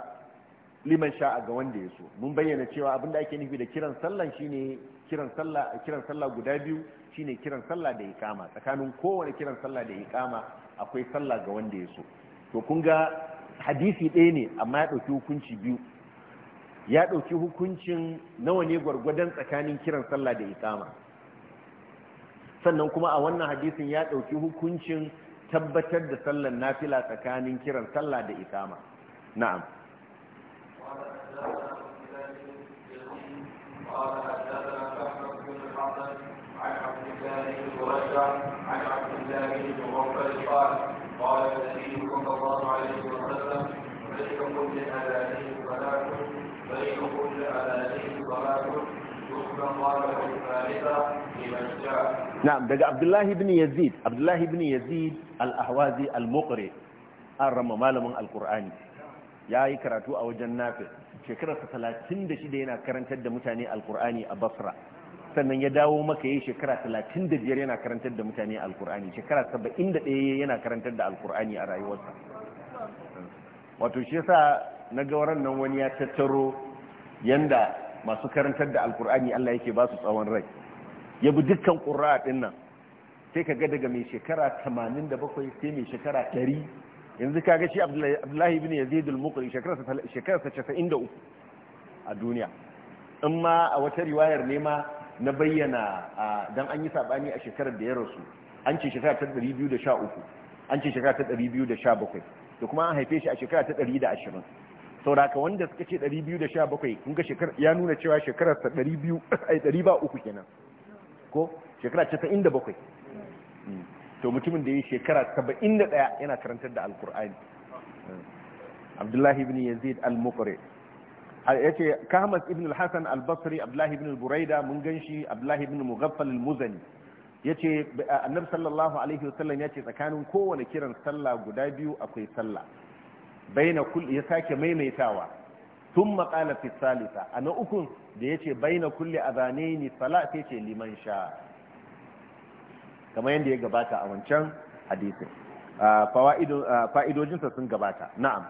liman sha ga wanda ya so mun bayyana cewa abinda ake nufi da kiran sallah shine kiran sallah kiran sallah guda biyu shine kiran sallah da iqama tsakanin kowane kiran sallah da iqama akwai sallah ga wanda ya so to kun ga hadisi ɗaya ne amma ya ɗauki hukunci biyu ya ɗauki hukuncin nawa ne gwargwadon tsakanin kiran sallah da ikama sannan kuma a wannan hadisin ya ɗauki hukuncin tabbatar da sallar nafila tsakanin kiran sallah da ikama na'am نعم daga abdullahi الله yazid abdullahi عبد yazid al-ahwazi al المقري an rama malamin al-qur'ani yayi karatu a wajen nafi shekarar sa 36 yana karantar da mutane al a sannan ya dawo maka yi shekara 35 yana karantar da mutane al-qur'ani shekara 71 yana karantar da al a rayuwarsa wato shi yasa na gawaran nan wani ya tattaro yanda masu karantar da al Allah yake ba su tsawon rai ya bi dukkan ƙura a ɗin nan sai ka ga daga mai shekara 87 sai mai shekara 100 yanzu ka ga shi abdullahi bin yazid al-muqri shekararsa 93 a duniya in ma a wata riwayar ne ma na bayyana dan an yi sabani a shekarar da ya rasu an ce shekara ta 213 an ce shekara ta 217 da kuma an haife shi a shekara ta 120 sauraka wanda suka ce 217 kun ga ya nuna cewa shekararsa 200 ai 300 kenan ko shekara 97 hmm. to mutumin da ya yi shekara 71 yana karantar da alkur'ani hmm. abdullahi ibn yazid al ya ce kamas ibn al hassan al-basri abdullahi ibn al-buraida mun shi abdullahi ibn mughaffal al-muzani Ya ce annabi sallallahu alaihi wasallam ce tsakanin kowane kiran sallah guda biyu akwai sallah baina kulli ya sake maimaitawa sun maƙala fi a na ukun da ya ce bai na kulle a zane ni salata ce liman sha kamar yadda ya gabata a wancan hadisin fa'idojinsa sun gabata na'am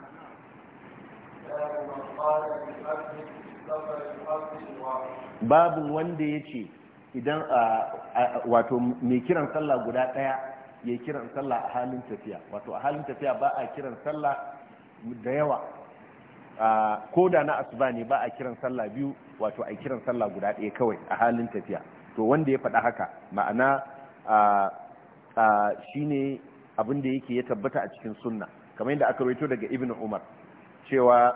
babu wanda ya ce idan wato mai kiran sallah guda ɗaya ya kiran sallah a halin tafiya wato a halin tafiya ba a kiran sallah da yawa ko da na asuba ne ba a kiran sallah biyu wato a kiran sallah guda ɗaya kawai a halin tafiya to wanda ya faɗa haka ma'ana ne abin da yake ya tabbata a cikin sunna kamar yadda aka rawaito daga ibn umar cewa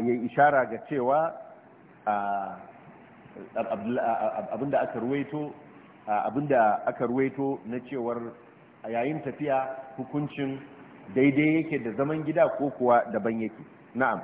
ya ishara ga cewa abinda aka ruwaito abinda aka ruwaito na cewar yayin tafiya hukuncin daidai yake da zaman gida ko kuwa daban yake na'am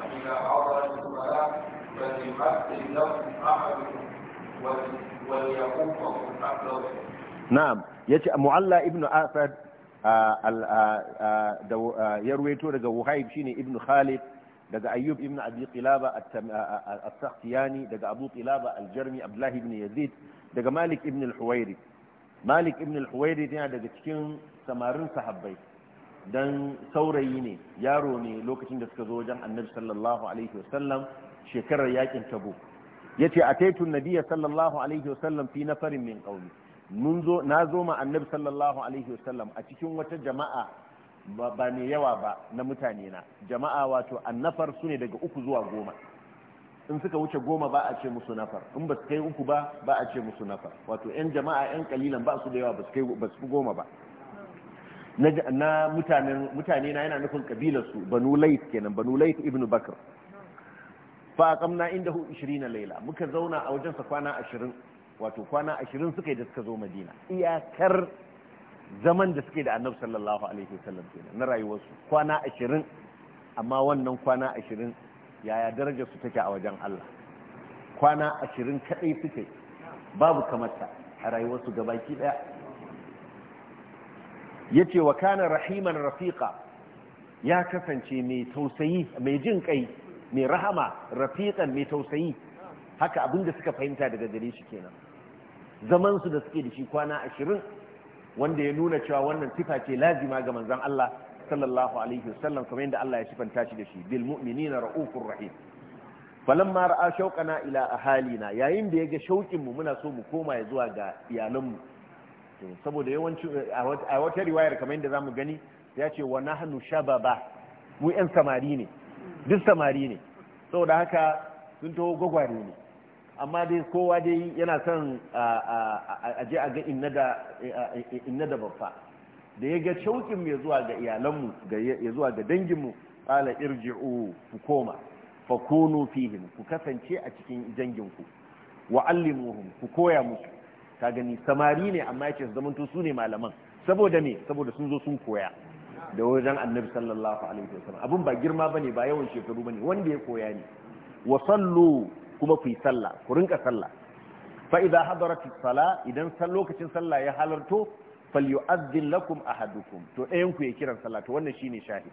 فإذا حضرت الصلاة فليمثل لهم أحدكم وليقوم أحدهم نعم yace mu'alla ibnu asad ya ruwaito daga wuhaib shine ibn khalid daga ayyub ibnu abi qilaba as-sakhtiyani daga abu qilaba al-jarmi ibn yazid daga malik ibn al malik ibn al-huwairi yana daga cikin samarin sahabbai dan saurayi ne yaro ne lokacin da suka zo wajen annabi sallallahu alaihi wasallam shekarar yakin tabo yace ataitu nabiyya sallallahu alaihi wasallam fi nafarin min qaumi na zo ma annabi sallallahu alaihi wasallam a cikin wata jama'a ba ne yawa ba na mutane na jama'a wato annafar su ne daga uku zuwa goma in suka wuce goma ba a ce musu nafar in ba su kai uku ba ba a ce musu nafar wato yan jama'a yan kalilan ba su da yawa ba su goma ba na mutanen mutane na yana nufin kabilar su banu lait kenan banu lait ibnu bakr fa inda hu 20 layla muka zauna a wajen sa kwana 20 wato kwana 20 suka yi da suka zo madina iyakar zaman da suke da annabi sallallahu alaihi wasallam kenan na rayuwar su kwana 20 amma wannan kwana 20 yaya daraja su take a wajen Allah kwana 20 kadai suke babu kamata a rayuwar su gabaki daya yace wa kana rahiman rafiƙa ya kasance mai tausayi mai jin kai mai rahama rafiƙan mai tausayi haka abinda suka fahimta daga gare shi kenan zamansu da suke da shi kwana ashirin wanda ya nuna cewa wannan tifa ce lazima ga manzon Allah sallallahu alaihi wasallam kamar yadda Allah ya sifanta shi da shi bil mu'minina raufur rahim falamma ra'a shauqana ila ahalina yayin da yaga shaukin mu muna so mu koma zuwa ga iyalan mu saboda yawanci a wata riwayar kamar yadda zamu gani ya ce wa nahnu shababa mu yan samari ne duk samari ne saboda haka sun taho gwagware ne amma dai kowa dai yana son a je a ga inna da baffa da ya ga shauƙin mai zuwa ga iyalanmu ya zuwa ga danginmu ƙala irji'u ku koma fa kunu fihim ku kasance a cikin danginku wa allimuhum ku koya musu ka gani samari ne amma yake su zamanto su ne malaman saboda me saboda sun zo sun koya da wajen annabi sallallahu alaihi wasallam abun ba girma bane ba yawan shekaru bane wanda ya koya ne wa sallu kuma ku yi sallah ku rinka sallah fa idza hadarat sala idan lokacin sallah ya halarto falyu'adhdhin lakum ahadukum to ɗayan ku ya kiran sallah to wannan shine shahid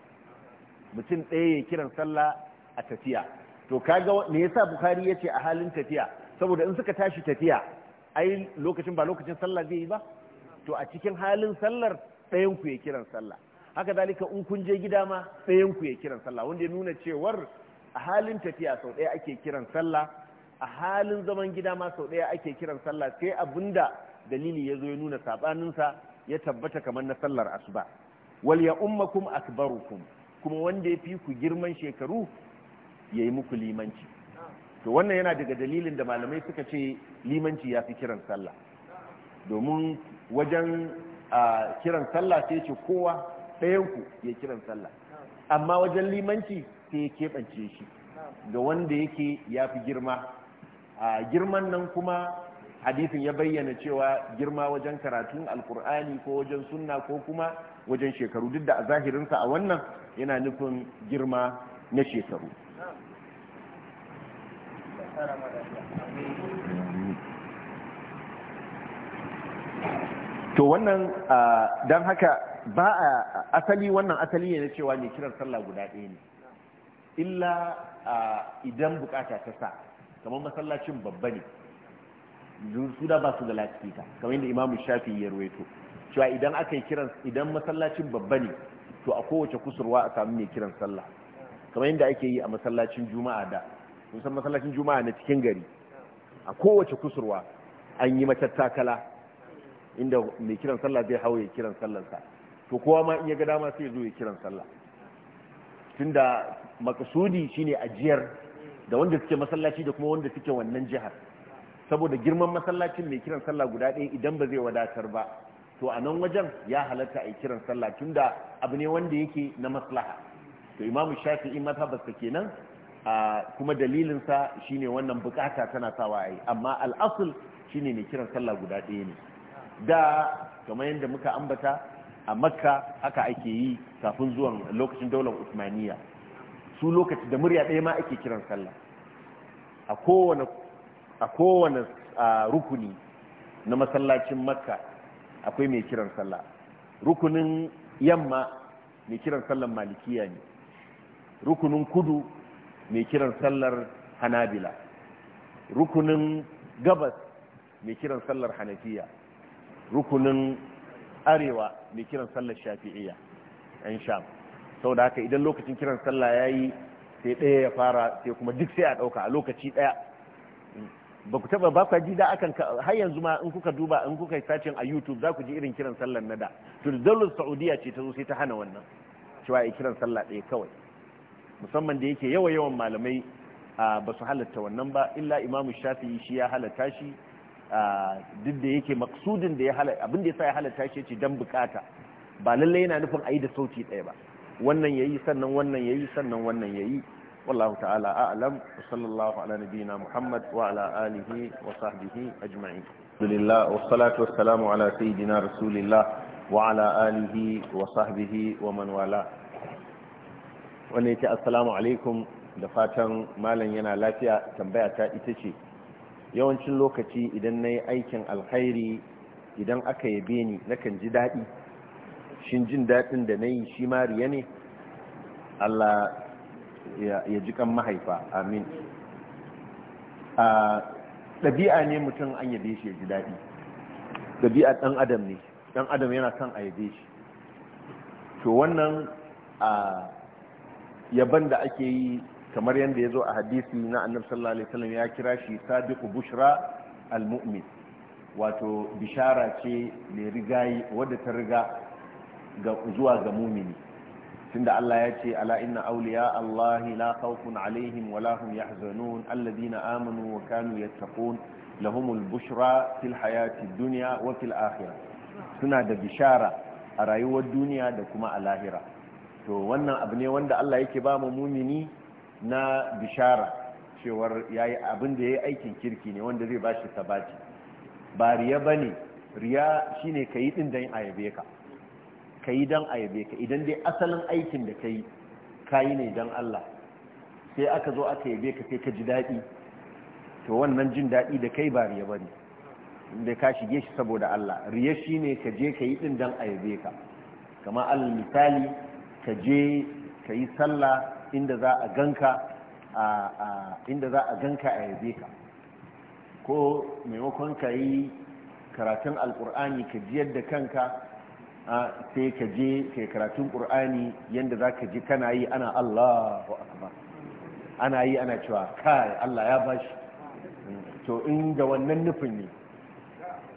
mutum ɗaya ya kiran sallah a tafiya to kaga me yasa bukhari yace a halin tafiya saboda in suka tashi tafiya ai lokacin ba lokacin sallah zai yi ba to a cikin halin sallar ɗayan ku ya kiran sallah haka zalika in kun je gida ma ɗayan ku ya kiran sallah wanda ya nuna cewar a halin tafiya sau ɗaya ake kiran sallah a halin zaman gida ma sau ɗaya ake kiran sallah sai abinda dalili ya zo ya nuna saɓaninsa ya tabbata kamar na sallar asuba wal ya ummakum akbarukum kuma wanda ya fi ku girman shekaru ya yi muku limanci to wannan yana daga dalilin da malamai suka ce limanci ya fi kiran sallah domin wajen kiran sallah sai ce kowa ɗayanku ya kiran sallah amma wajen limanci sai ya keɓance shi ga wanda yake ya fi girma a girman nan kuma hadisin ya bayyana cewa girma wajen karatun alkur'ani ko wajen sunna ko kuma wajen shekaru duk da a zahirinsa a wannan yana nufin girma na shekaru to wannan don haka ba a asali wannan asali ne cewa ne kiran sallah guda ɗaya ne illa idan bukata ta sa kamar masallacin babba ne su da ba su da lafiya kamar yadda imamu shafi ya ruwaito cewa idan aka yi kiran idan masallacin babba ne to a kowace kusurwa a samu mai kiran sallah kamar yadda ake yi a masallacin juma'a da kusan masallacin juma'a na cikin gari a kowace kusurwa an yi matattakala inda mai kiran sallah zai hau ya kiran sallarsa to kowa ma in ya ga dama sai ya zo ya kiran sallah tunda makasudi shine ajiyar da wanda suke masallaci da kuma wanda suke wannan jihar saboda girman masallacin mai kiran sallah guda ɗaya idan ba zai wadatar ba to a nan wajen ya halatta a yi kiran sallah tunda abu ne wanda yake na maslaha to imamu shafi'i mazhabarsa kenan kuma dalilinsa shine wannan bukata tana sawa a yi amma al'asul shine mai kiran sallah guda ɗaya ne da kamar yadda muka ambata a makka haka ake yi kafin zuwan lokacin daular usmaniya su lokacin da murya ɗaya ma ake kiran sallah a kowane rukuni na masallacin makka akwai mai kiran sallah rukunin yamma mai kiran sallan malikiya ne rukunin kudu mai kiran sallar hanabila rukunin gabas mai kiran sallar hanafiya rukunin arewa mai kiran sallar shafi'iyya yan sham sau da haka idan lokacin kiran sallah ya yi sai ɗaya ya fara sai kuma duk sai a ɗauka a lokaci ɗaya ba ku taba ba ku ji da akan har yanzu ma in kuka duba in kuka sacin a YouTube za ku ji irin kiran sallar na da to daular Saudiya ce ta zo sai ta hana wannan cewa ya kiran sallah ɗaya kawai musamman da yake yawa yawan malamai ba su halatta wannan ba illa imamu shafi'i shi ya halatta shi duk da yake maksudin da ya halatta abin da ya sa ya halatta shi ce dan bukata ba lallai yana nufin a yi da sauti ɗaya ba wannan yayi sannan wannan yayi sannan wannan yayi والله تعالى أعلم وصلى الله على نبينا محمد وعلى آله وصحبه أجمعين الحمد لله والصلاة والسلام على سيدنا رسول alihi wa آله وصحبه ومن والاه wanda ya ce assalamu alaikum da fatan malam yana lafiya tambaya ta ita ce yawancin lokaci idan na yi aikin alkhairi idan aka yabe ni nakan ji daɗi shin jin daɗin da na yi shi mariya ne allah ya ji kan mahaifa amin a ɗabi'a ne mutum an yabe shi ya ji daɗi ɗabi'a ɗan adam ne ɗan adam yana son a yabe shi to wannan a yaban da ake yi kamar yadda ya zo a hadisi na annabi sallallahu alaihi wasallam ya kira shi sadiqu bushra almu'min wato bishara ce mai rigayi wadda ta riga ga zuwa ga mumini tunda Allah ya ce ala inna awliya Allahi la khawfun alaihim wa lahum yahzanun alladhina amanu wa kanu yattaqun lahumul bushra fil hayati dunya wa fil akhirah suna da bishara a rayuwar duniya da kuma a lahira to wannan abu ne wanda Allah yake ba mu mumini na bishara cewar yayi abin da yayi aikin kirki ne wanda zai bashi sabati ba riya bane riya shine kai din dan ayabe ka kai dan ayabe ka idan dai asalin aikin da kai kai ne dan Allah sai aka zo aka yabe ka sai ka ji dadi to wannan jin dadi da kai ba riya bane da ka shige shi saboda Allah riya shine ka je ka din dan ayabe ka Kamar al misali ka je ka yi sallah inda za a ganka a inda za a ganka a yabe ka ko maimakon ka yi karatun alkur'ani ka ji yadda kanka sai ka je ka yi karatun ƙur'ani yadda za ka ji kana yi ana allahu akbar ana yi ana cewa kai allah ya bashi to in wannan nufin ne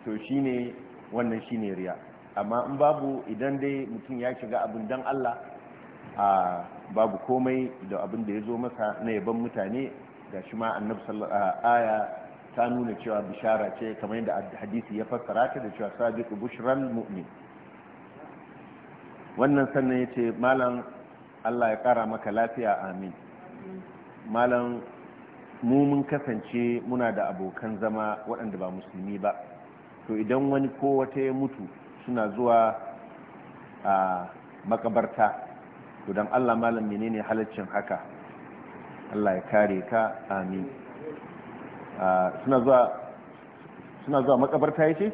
to shine wannan shine riya amma in babu idan dai mutum ya shiga abin don allah a babu komai da abin da ya zo masa na yaban mutane ga shi ma annabi aya ta nuna cewa bishara ce kamar yadda hadisi ya fassara ta da cewa sadiq bushran mu'min wannan sannan yace malam Allah ya kara maka lafiya amin malam mu mun kasance muna da abokan zama waɗanda ba musulmi ba to idan wani ko wata ya mutu suna zuwa a makabarta to don allah malam menene halaccin haka allah ya kare ka amin ah, suna zuwa makabarta ya ce?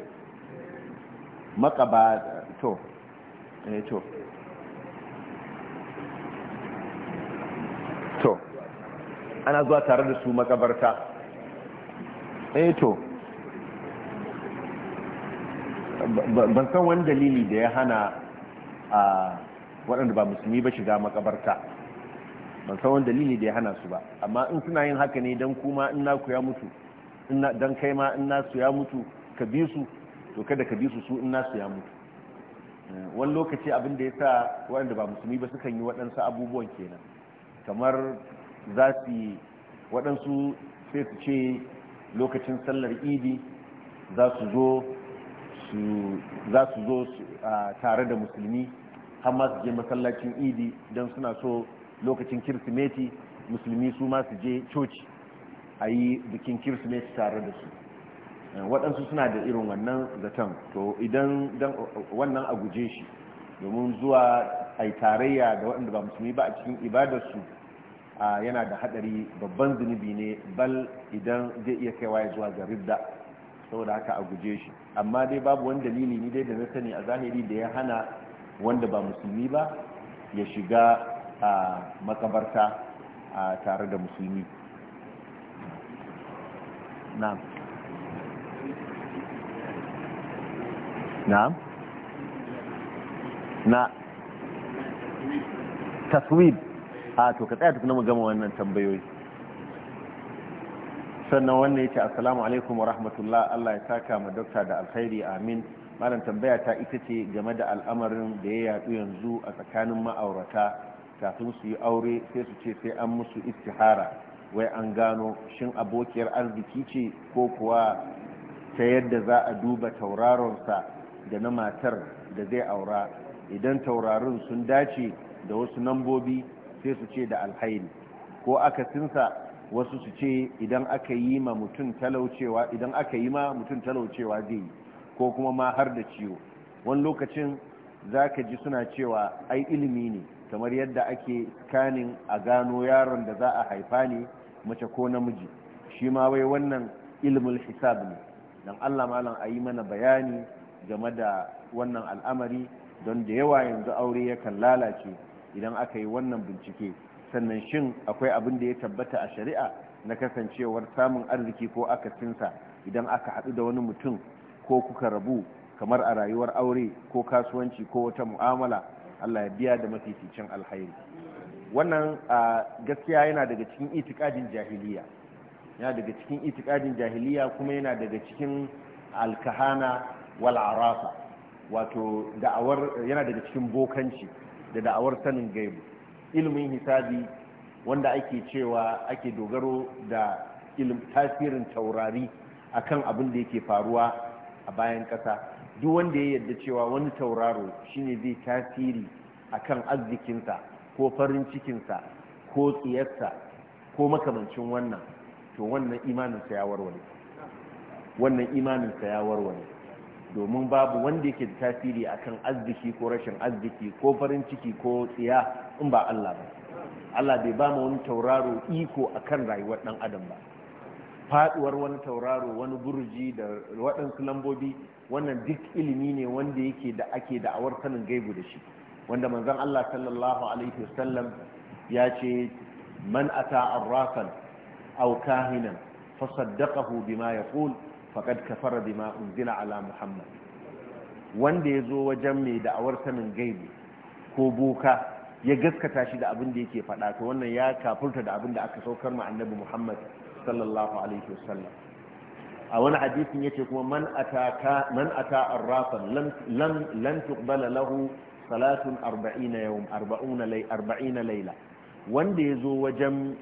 makaba to ne eh, to to ana zuwa tare da su makabarta eh to ban san wani dalili da ya hana a ah, waɗanda ba musulmi ba shiga makabarta ban san wani dalili da ya hana su ba amma in suna yin haka ne don kuma in naku ya mutu don kai ma in nasu ya mutu ka bi su to kada ka bi su su in nasu ya mutu eh, wani lokaci abin ya sa waɗanda ba musulmi ba sukan yi waɗansu abubuwan kenan kamar za su yi waɗansu sai su ce lokacin sallar idi za su zo tare da musulmi har su je masallacin idi don suna so lokacin kirsimeti musulmi su ma su je coci a yi bikin kirsimeti tare da su eh, waɗansu suna da irin wannan zaton to idan wannan a guje shi domin zuwa a yi tarayya da waɗanda ba musulmi ba a cikin ibadarsu yana da haɗari babban zunubi ne bal idan zai iya kaiwa ya zuwa ga sau saboda haka a guje shi amma dai babu wani dalili ni dai da na sani a zahiri da ya hana wanda ba musulmi ba ya shiga a makabarta a tare da musulmi na'am na'am na taswib a to ka tsaya tukuna mu gama wannan tambayoyi sannan wannan ya ce assalamu alaikum wa rahmatullah Allah ya saka ma dokta da alkhairi amin malam tambaya ta ita ce game da al'amarin da ya yatsu yanzu a tsakanin ma'aurata kafin su yi aure sai su ce sai an musu istihara wai an gano shin abokiyar arziki ce ko kuwa ta yadda za a duba tauraronsa da na matar da zai aura idan taurarin sun dace da wasu nambobi sai su ce da alhaini ko akasinsa wasu su ce aka yi ma mutum talaucewa idan aka yi ma mutum talaucewa zai yi ko kuma ma har da ciwo wani lokacin za ka ji suna cewa ai ilimi ne kamar yadda ake kanin a gano yaron da za a haifa ne mace ko namiji shi ma wai wannan ilimin hisab ne don allah malam a yi mana bayani game da wannan al'amari don da yawa yanzu aure yakan lalace idan aka yi wannan bincike sannan shin akwai abin da ya tabbata a shari'a na kasancewar samun arziki ko akasinsa idan aka haɗu da wani mutum ko kuka rabu kamar a rayuwar aure ko kasuwanci ko wata mu'amala Allah ya biya da mafificin alhairi wannan gaskiya yana daga cikin itikadin jahiliya yana daga cikin itikadin jahiliya kuma yana daga cikin alkahana wal arafa wato da'awar yana daga cikin bokanci da da'awar sanin gaibu ilimin hisabi wanda ake cewa ake dogaro da tasirin taurari akan abin da yake faruwa a bayan ƙasa duk wanda ya yarda cewa wani tauraro shine zai tasiri akan arzikinsa ko farin cikinsa ko tsiyarsa ko makamancin wannan to wannan imaninsa ya warware wannan imaninsa ya warware domin babu wanda yake da tasiri akan arziki ko rashin arziki ko farin ciki ko tsiya in ba Allah ba Allah bai ba mu wani tauraro iko akan rayuwar ɗan adam ba faduwar wani tauraro wani burji da waɗansu lambobi wannan duk ilimi ne wanda yake da ake da'awar sanin gaibu da shi wanda manzon Allah sallallahu alaihi wasallam ya ce man ata arrafan aw kahinan fa saddaqahu bima yaqul faqad kafara bima unzila ala muhammad wanda ya zo wajen mai da'awar sanin gaibu ko boka ya gaskata shi da abin da yake faɗa to wannan ya kafurta da abin da aka saukar ma annabi muhammad sallallahu alaihi wasallam a wani hadisin yace kuma man ataka man ata arrafan lam lam lan tuqbala lahu salatun 40 yawm 40 lay 40 layla wanda yazo wajen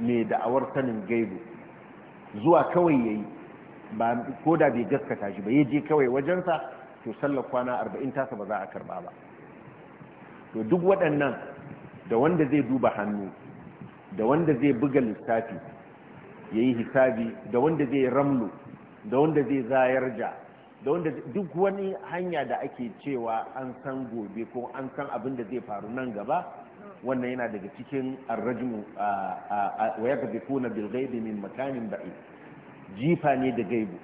mai da'awar sanin gaibu zuwa kawai yayi ba ko da bai gaskata shi ba yaje kawai wajensa to sallar kwana 40 tasa ba za a karba ba to duk waɗannan da wanda zai duba hannu da wanda zai buga lissafi ya yi hisabi da wanda zai ramlu da wanda zai zayar ja da wanda duk wani hanya da ake cewa an san gobe ko an san abin da zai faru nan gaba wannan yana daga cikin arrajimu wa ya tafi kuna bilgaibi min makanin ba'i jifa ne da gaibu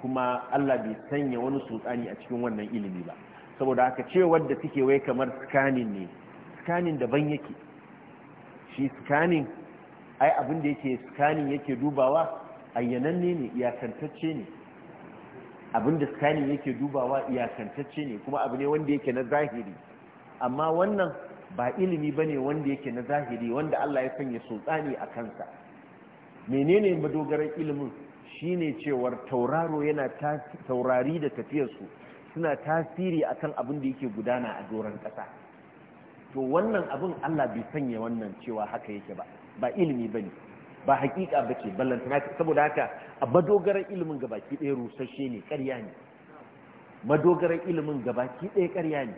kuma allah bai sanya wani sultani a cikin wannan ilimi ba saboda haka ce da suke wai kamar scanning ne scanning daban yake shi scanning ai abin da yake scanning yake dubawa ayyananne ne iyakantacce ne abin da scanning yake dubawa iyakantacce ne kuma abu ne wanda yake na zahiri amma wannan ba ilimi bane wanda yake na zahiri wanda Allah ya sanya sultani a kansa menene madogaran ilimin shine cewar tauraro yana taurari da tafiyar su, suna tasiri akan abin da yake gudana a doron ƙasa to wannan abin Allah bai sanya wannan cewa haka yake ba ba ilimi ba ne ba hakika ba ce ballantana saboda haka a madogarar ilimin gabaki ɗaya rusashe ne ƙarya ne madogarar ilimin gabaki ɗaya ƙarya ne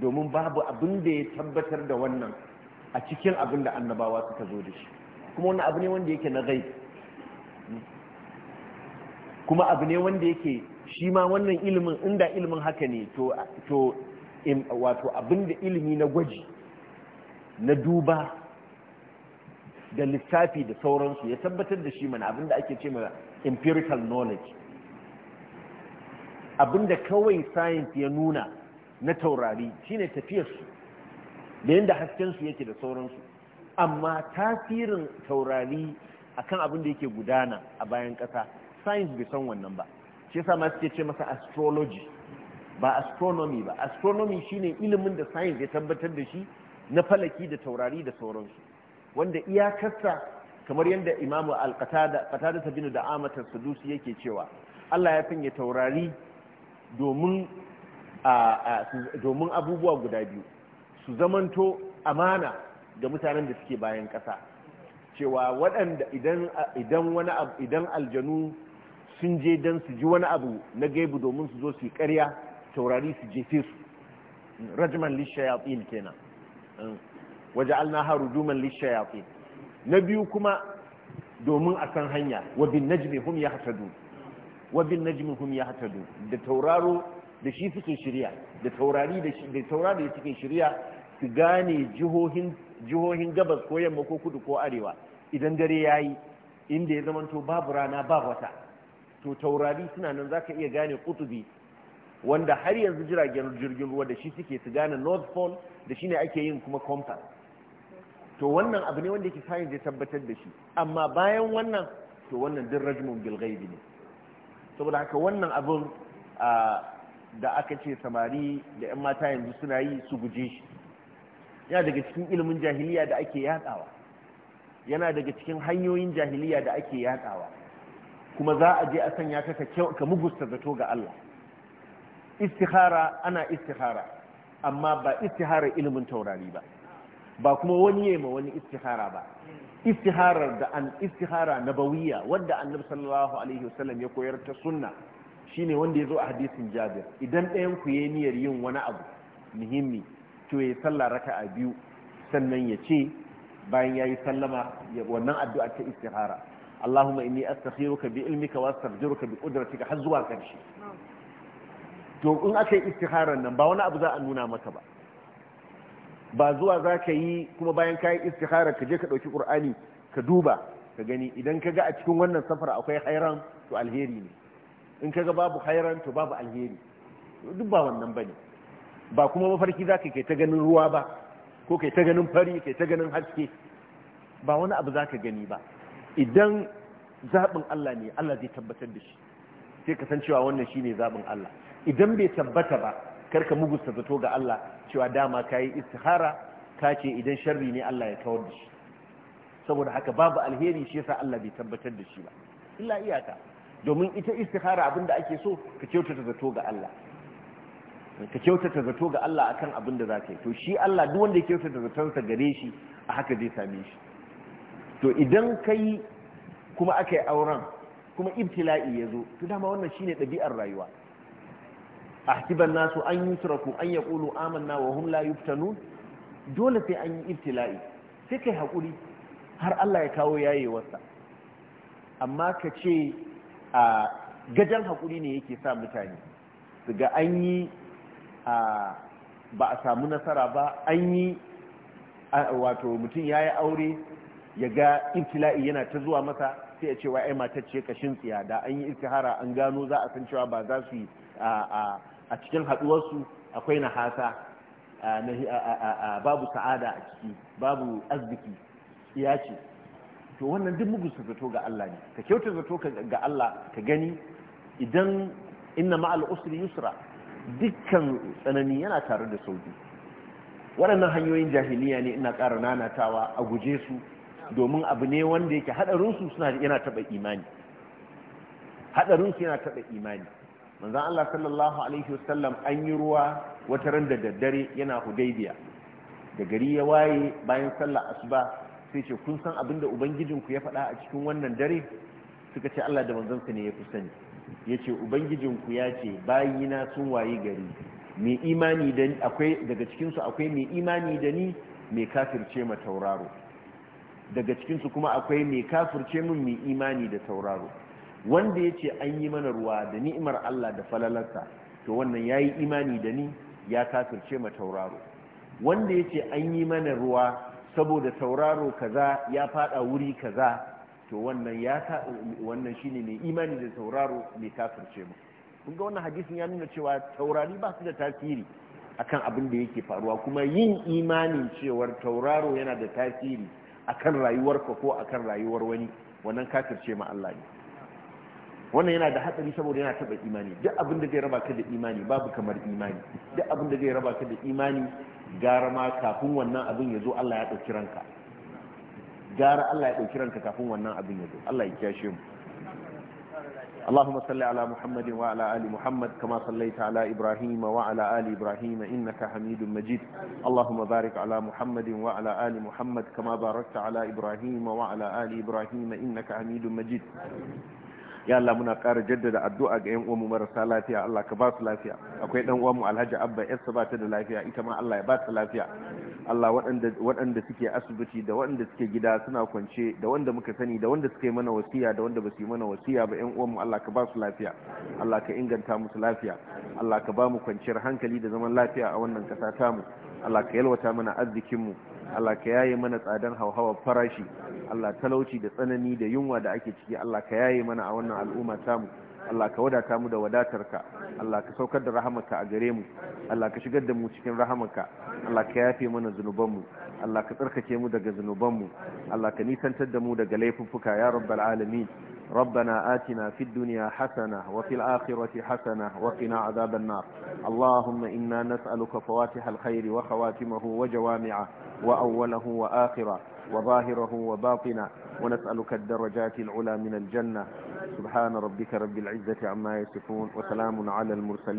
domin babu abin da ya tabbatar da wannan a cikin abin da annabawa suka zo da shi kuma wani abu ne wanda yake na gai kuma abu ne wanda yake shi ma wannan ilimin inda ilimin haka ne to wato abin da ilimi na gwaji na duba da littafi da sauransu ya tabbatar da shi mana abinda ake ce mana empirical knowledge abinda kawai science ya nuna na taurari shine tafiyarsu da yadda haskensu yake da sauransu amma tasirin taurari akan abin da yake gudana a bayan ƙasa science bai san wannan ba shi yasa ma suke ce masa astrology ba astronomy ba astronomy shine ilimin da science ya tabbatar da shi na falaki da taurari da sauransu wanda iyakarsa kamar yadda imamu al-qatada ta da amatar sadusi yake cewa Allah ya sanya taurari domin abubuwa guda biyu su zamanto amana ga mutanen da suke bayan ƙasa cewa waɗanda idan aljanu sun je don su ji wani abu na gaibu domin su zo su yi taurari su je su rajman lishayatin kenan waje waja'alnaha rujuman lishayafi na biyu kuma domin a san hanya wabin bin najmi hum yahtadun najmi hum da tauraro da shi suke shirya da taurari da taurari da suke shirya su gane jihohin jihohin gabas ko yamma ko kudu ko arewa idan dare yayi inda ya zamanto babu rana ba wata to taurari suna nan zaka iya gane kutubi wanda har yanzu jiragen jirgin ruwa da shi suke su gane north pole da shine ake yin kuma compass to wannan abu ne wanda yake sayin ya tabbatar da shi amma bayan wannan to wannan din rajmun bil ghaibi ne saboda haka wannan abun da aka ce samari da yan mata yanzu suna yi su guje shi yana daga cikin ilimin jahiliya da ake yadawa yana daga cikin hanyoyin jahiliya da ake yadawa kuma za a je a sanya ka ka mugusta zato ga Allah istikhara ana istikhara amma ba istikhara ilimin taurari ba ba kuma wani ya ma wani istihara ba istiharar da an istihara nabawiya wanda annabi sallallahu alaihi wasallam ya koyar ta sunna shine wanda ya zo a hadisin jabir idan ɗayan ku yi niyyar yin wani abu muhimmi to ya salla a biyu sannan ya ce bayan yayi sallama wannan addu'a ta istihara Allahumma inni ka bi ilmika wa astaghfiruka bi qudratika har zuwa ƙarshe to in aka yi istiharar nan ba wani abu za a nuna maka ba ba zuwa za ka yi kuma bayan ka yi istihara ka je ka ɗauki ƙur'ani ka duba ka gani idan ka ga a cikin wannan safar akwai hairan to alheri ne in ka ga babu hairan to babu alheri duk ba wannan ba ne ba kuma mafarki za ka kai ta ganin ruwa ba ko kai ta ganin fari kai ta ganin haske ba wani abu za ka gani ba idan zaɓin Allah ne Allah zai tabbatar da shi sai ka san cewa wannan shi ne zaɓin Allah idan bai tabbata ba karka mugusta zato ga Allah cewa dama ka yi istihara ka ce idan sharri ne Allah ya kawar da shi saboda haka babu alheri shi yasa Allah bai tabbatar da shi ba illa iyaka domin ita istihara abinda ake so ka kyautata zato ga Allah ka kyautata zato ga Allah akan abin da zaka yi to shi Allah duk wanda ya kyautata zatonsa gare shi a haka zai same shi to idan kai kuma aka yi auren kuma ibtila'i ya zo to dama wannan shine ɗabi'ar rayuwa hatiban nasu an yusraku an yaqulu amanna wa hum la yuftanun dole sai an yi ibtila'i sai kai hakuri har Allah ya kawo yayewarsa amma ka ce a gajan hakuri ne yake sa mutane su ga an yi ba a samu nasara ba an yi wato mutum ya yi aure ya ga ibtila'i yana ta zuwa masa sai ya ce wa ai matar ce kashin tsiya da an yi istihara an gano za a san cewa ba za su yi a cikin haɗuwarsu akwai na nahasa babu sa'ada a ciki babu arziki ya ce to wannan duk mugun su zato ga Allah ne ka kyauta zato ga Allah ka gani idan inna ma'al usri yusra dukkan tsanani yana tare da sauki waɗannan hanyoyin jahiliya ne ina ƙara nanatawa a guje su domin abu ne wanda yake haɗarinsu suna yana taɓa imani haɗarinsu yana taɓa imani manzon Allah sallallahu alaihi wasallam an yi ruwa wata ran da daddare yana Hudaybiya da gari ya waye bayan sallar asuba sai ce kun san abin abinda ubangijinku ya faɗa a cikin wannan dare suka ce Allah da manzansa ne ya fi sani ya yace ubangijinku ya ce bayina sun waye gari mai imani da akwai daga cikin su akwai mai imani da ni mai kafirce ma tauraro daga cikin kuma akwai mai kafirce min mai imani da tauraro wanda ya ce an yi mana ruwa da ni'imar Allah da falalarsa to wannan ya yi imani da ni ya kafirce ma tauraro wanda ya ce an yi mana ruwa saboda tauraro kaza ya fada wuri kaza to wannan ya wannan shine mai imani da tauraro mai kafirce mu kun ga wannan hadisin ya nuna cewa taurari ba su da tasiri akan abin da yake faruwa kuma yin imanin cewar tauraro yana da tasiri akan rayuwarka ko akan rayuwar wani wannan kafirce ma Allah ne wannan yana da hatsari saboda yana taba imani duk abin da zai raba ka da imani babu kamar imani duk abin da zai raba ka da imani gara ma kafin wannan abin ya zo Allah ya dauki ranka gara Allah ya dauki ranka kafin wannan abin ya zo Allah ya kiyashe mu اللهم صل على محمد وعلى آل محمد كما صليت على إبراهيم وعلى آل إبراهيم إنك حميد مجيد اللهم بارك على محمد وعلى آل محمد كما باركت على إبراهيم وعلى آل إبراهيم إنك حميد مجيد ya Allah muna ƙara jaddada addu'a ga yan uwanmu marasa lafiya Allah ka ba su lafiya akwai dan uwanmu Alhaji Abba Yasa ba ta da lafiya ita ma Allah ya ba ta lafiya Allah waɗanda suke asibiti da waɗanda suke gida suna kwance da wanda muka sani da wanda suka mana wasiya da wanda ba su yi mana wasiya ba yan uwanmu Allah ka ba su lafiya Allah ka inganta musu lafiya Allah ka ba mu kwanciyar hankali da zaman lafiya a wannan ƙasa tamu Allah ka yalwata mana arzikin mu Allah ka yaye mana tsadan hauhawar farashi Allah talauci da tsanani da yunwa da ake ciki Allah ka yaye mana a wannan al'umma tamu Allah ka wadata mu da wadatarka Allah ka saukar da rahamarka a gare mu Allah ka shigar da mu cikin rahamarka Allah ka yafe mana zanuban mu Allah ka tsarkake mu daga zanuban mu Allah ka nisantar da mu daga laifuffuka ya rabbal alamin ربنا آتنا في الدنيا حسنة وفي الآخرة حسنة وقنا عذاب النار اللهم إنا نسألك فواتح الخير وخواتمه وجوامعه وأوله وآخره وظاهره وباطنه ونسألك الدرجات العلى من الجنة سبحان ربك رب العزة عما يصفون وسلام على المرسلين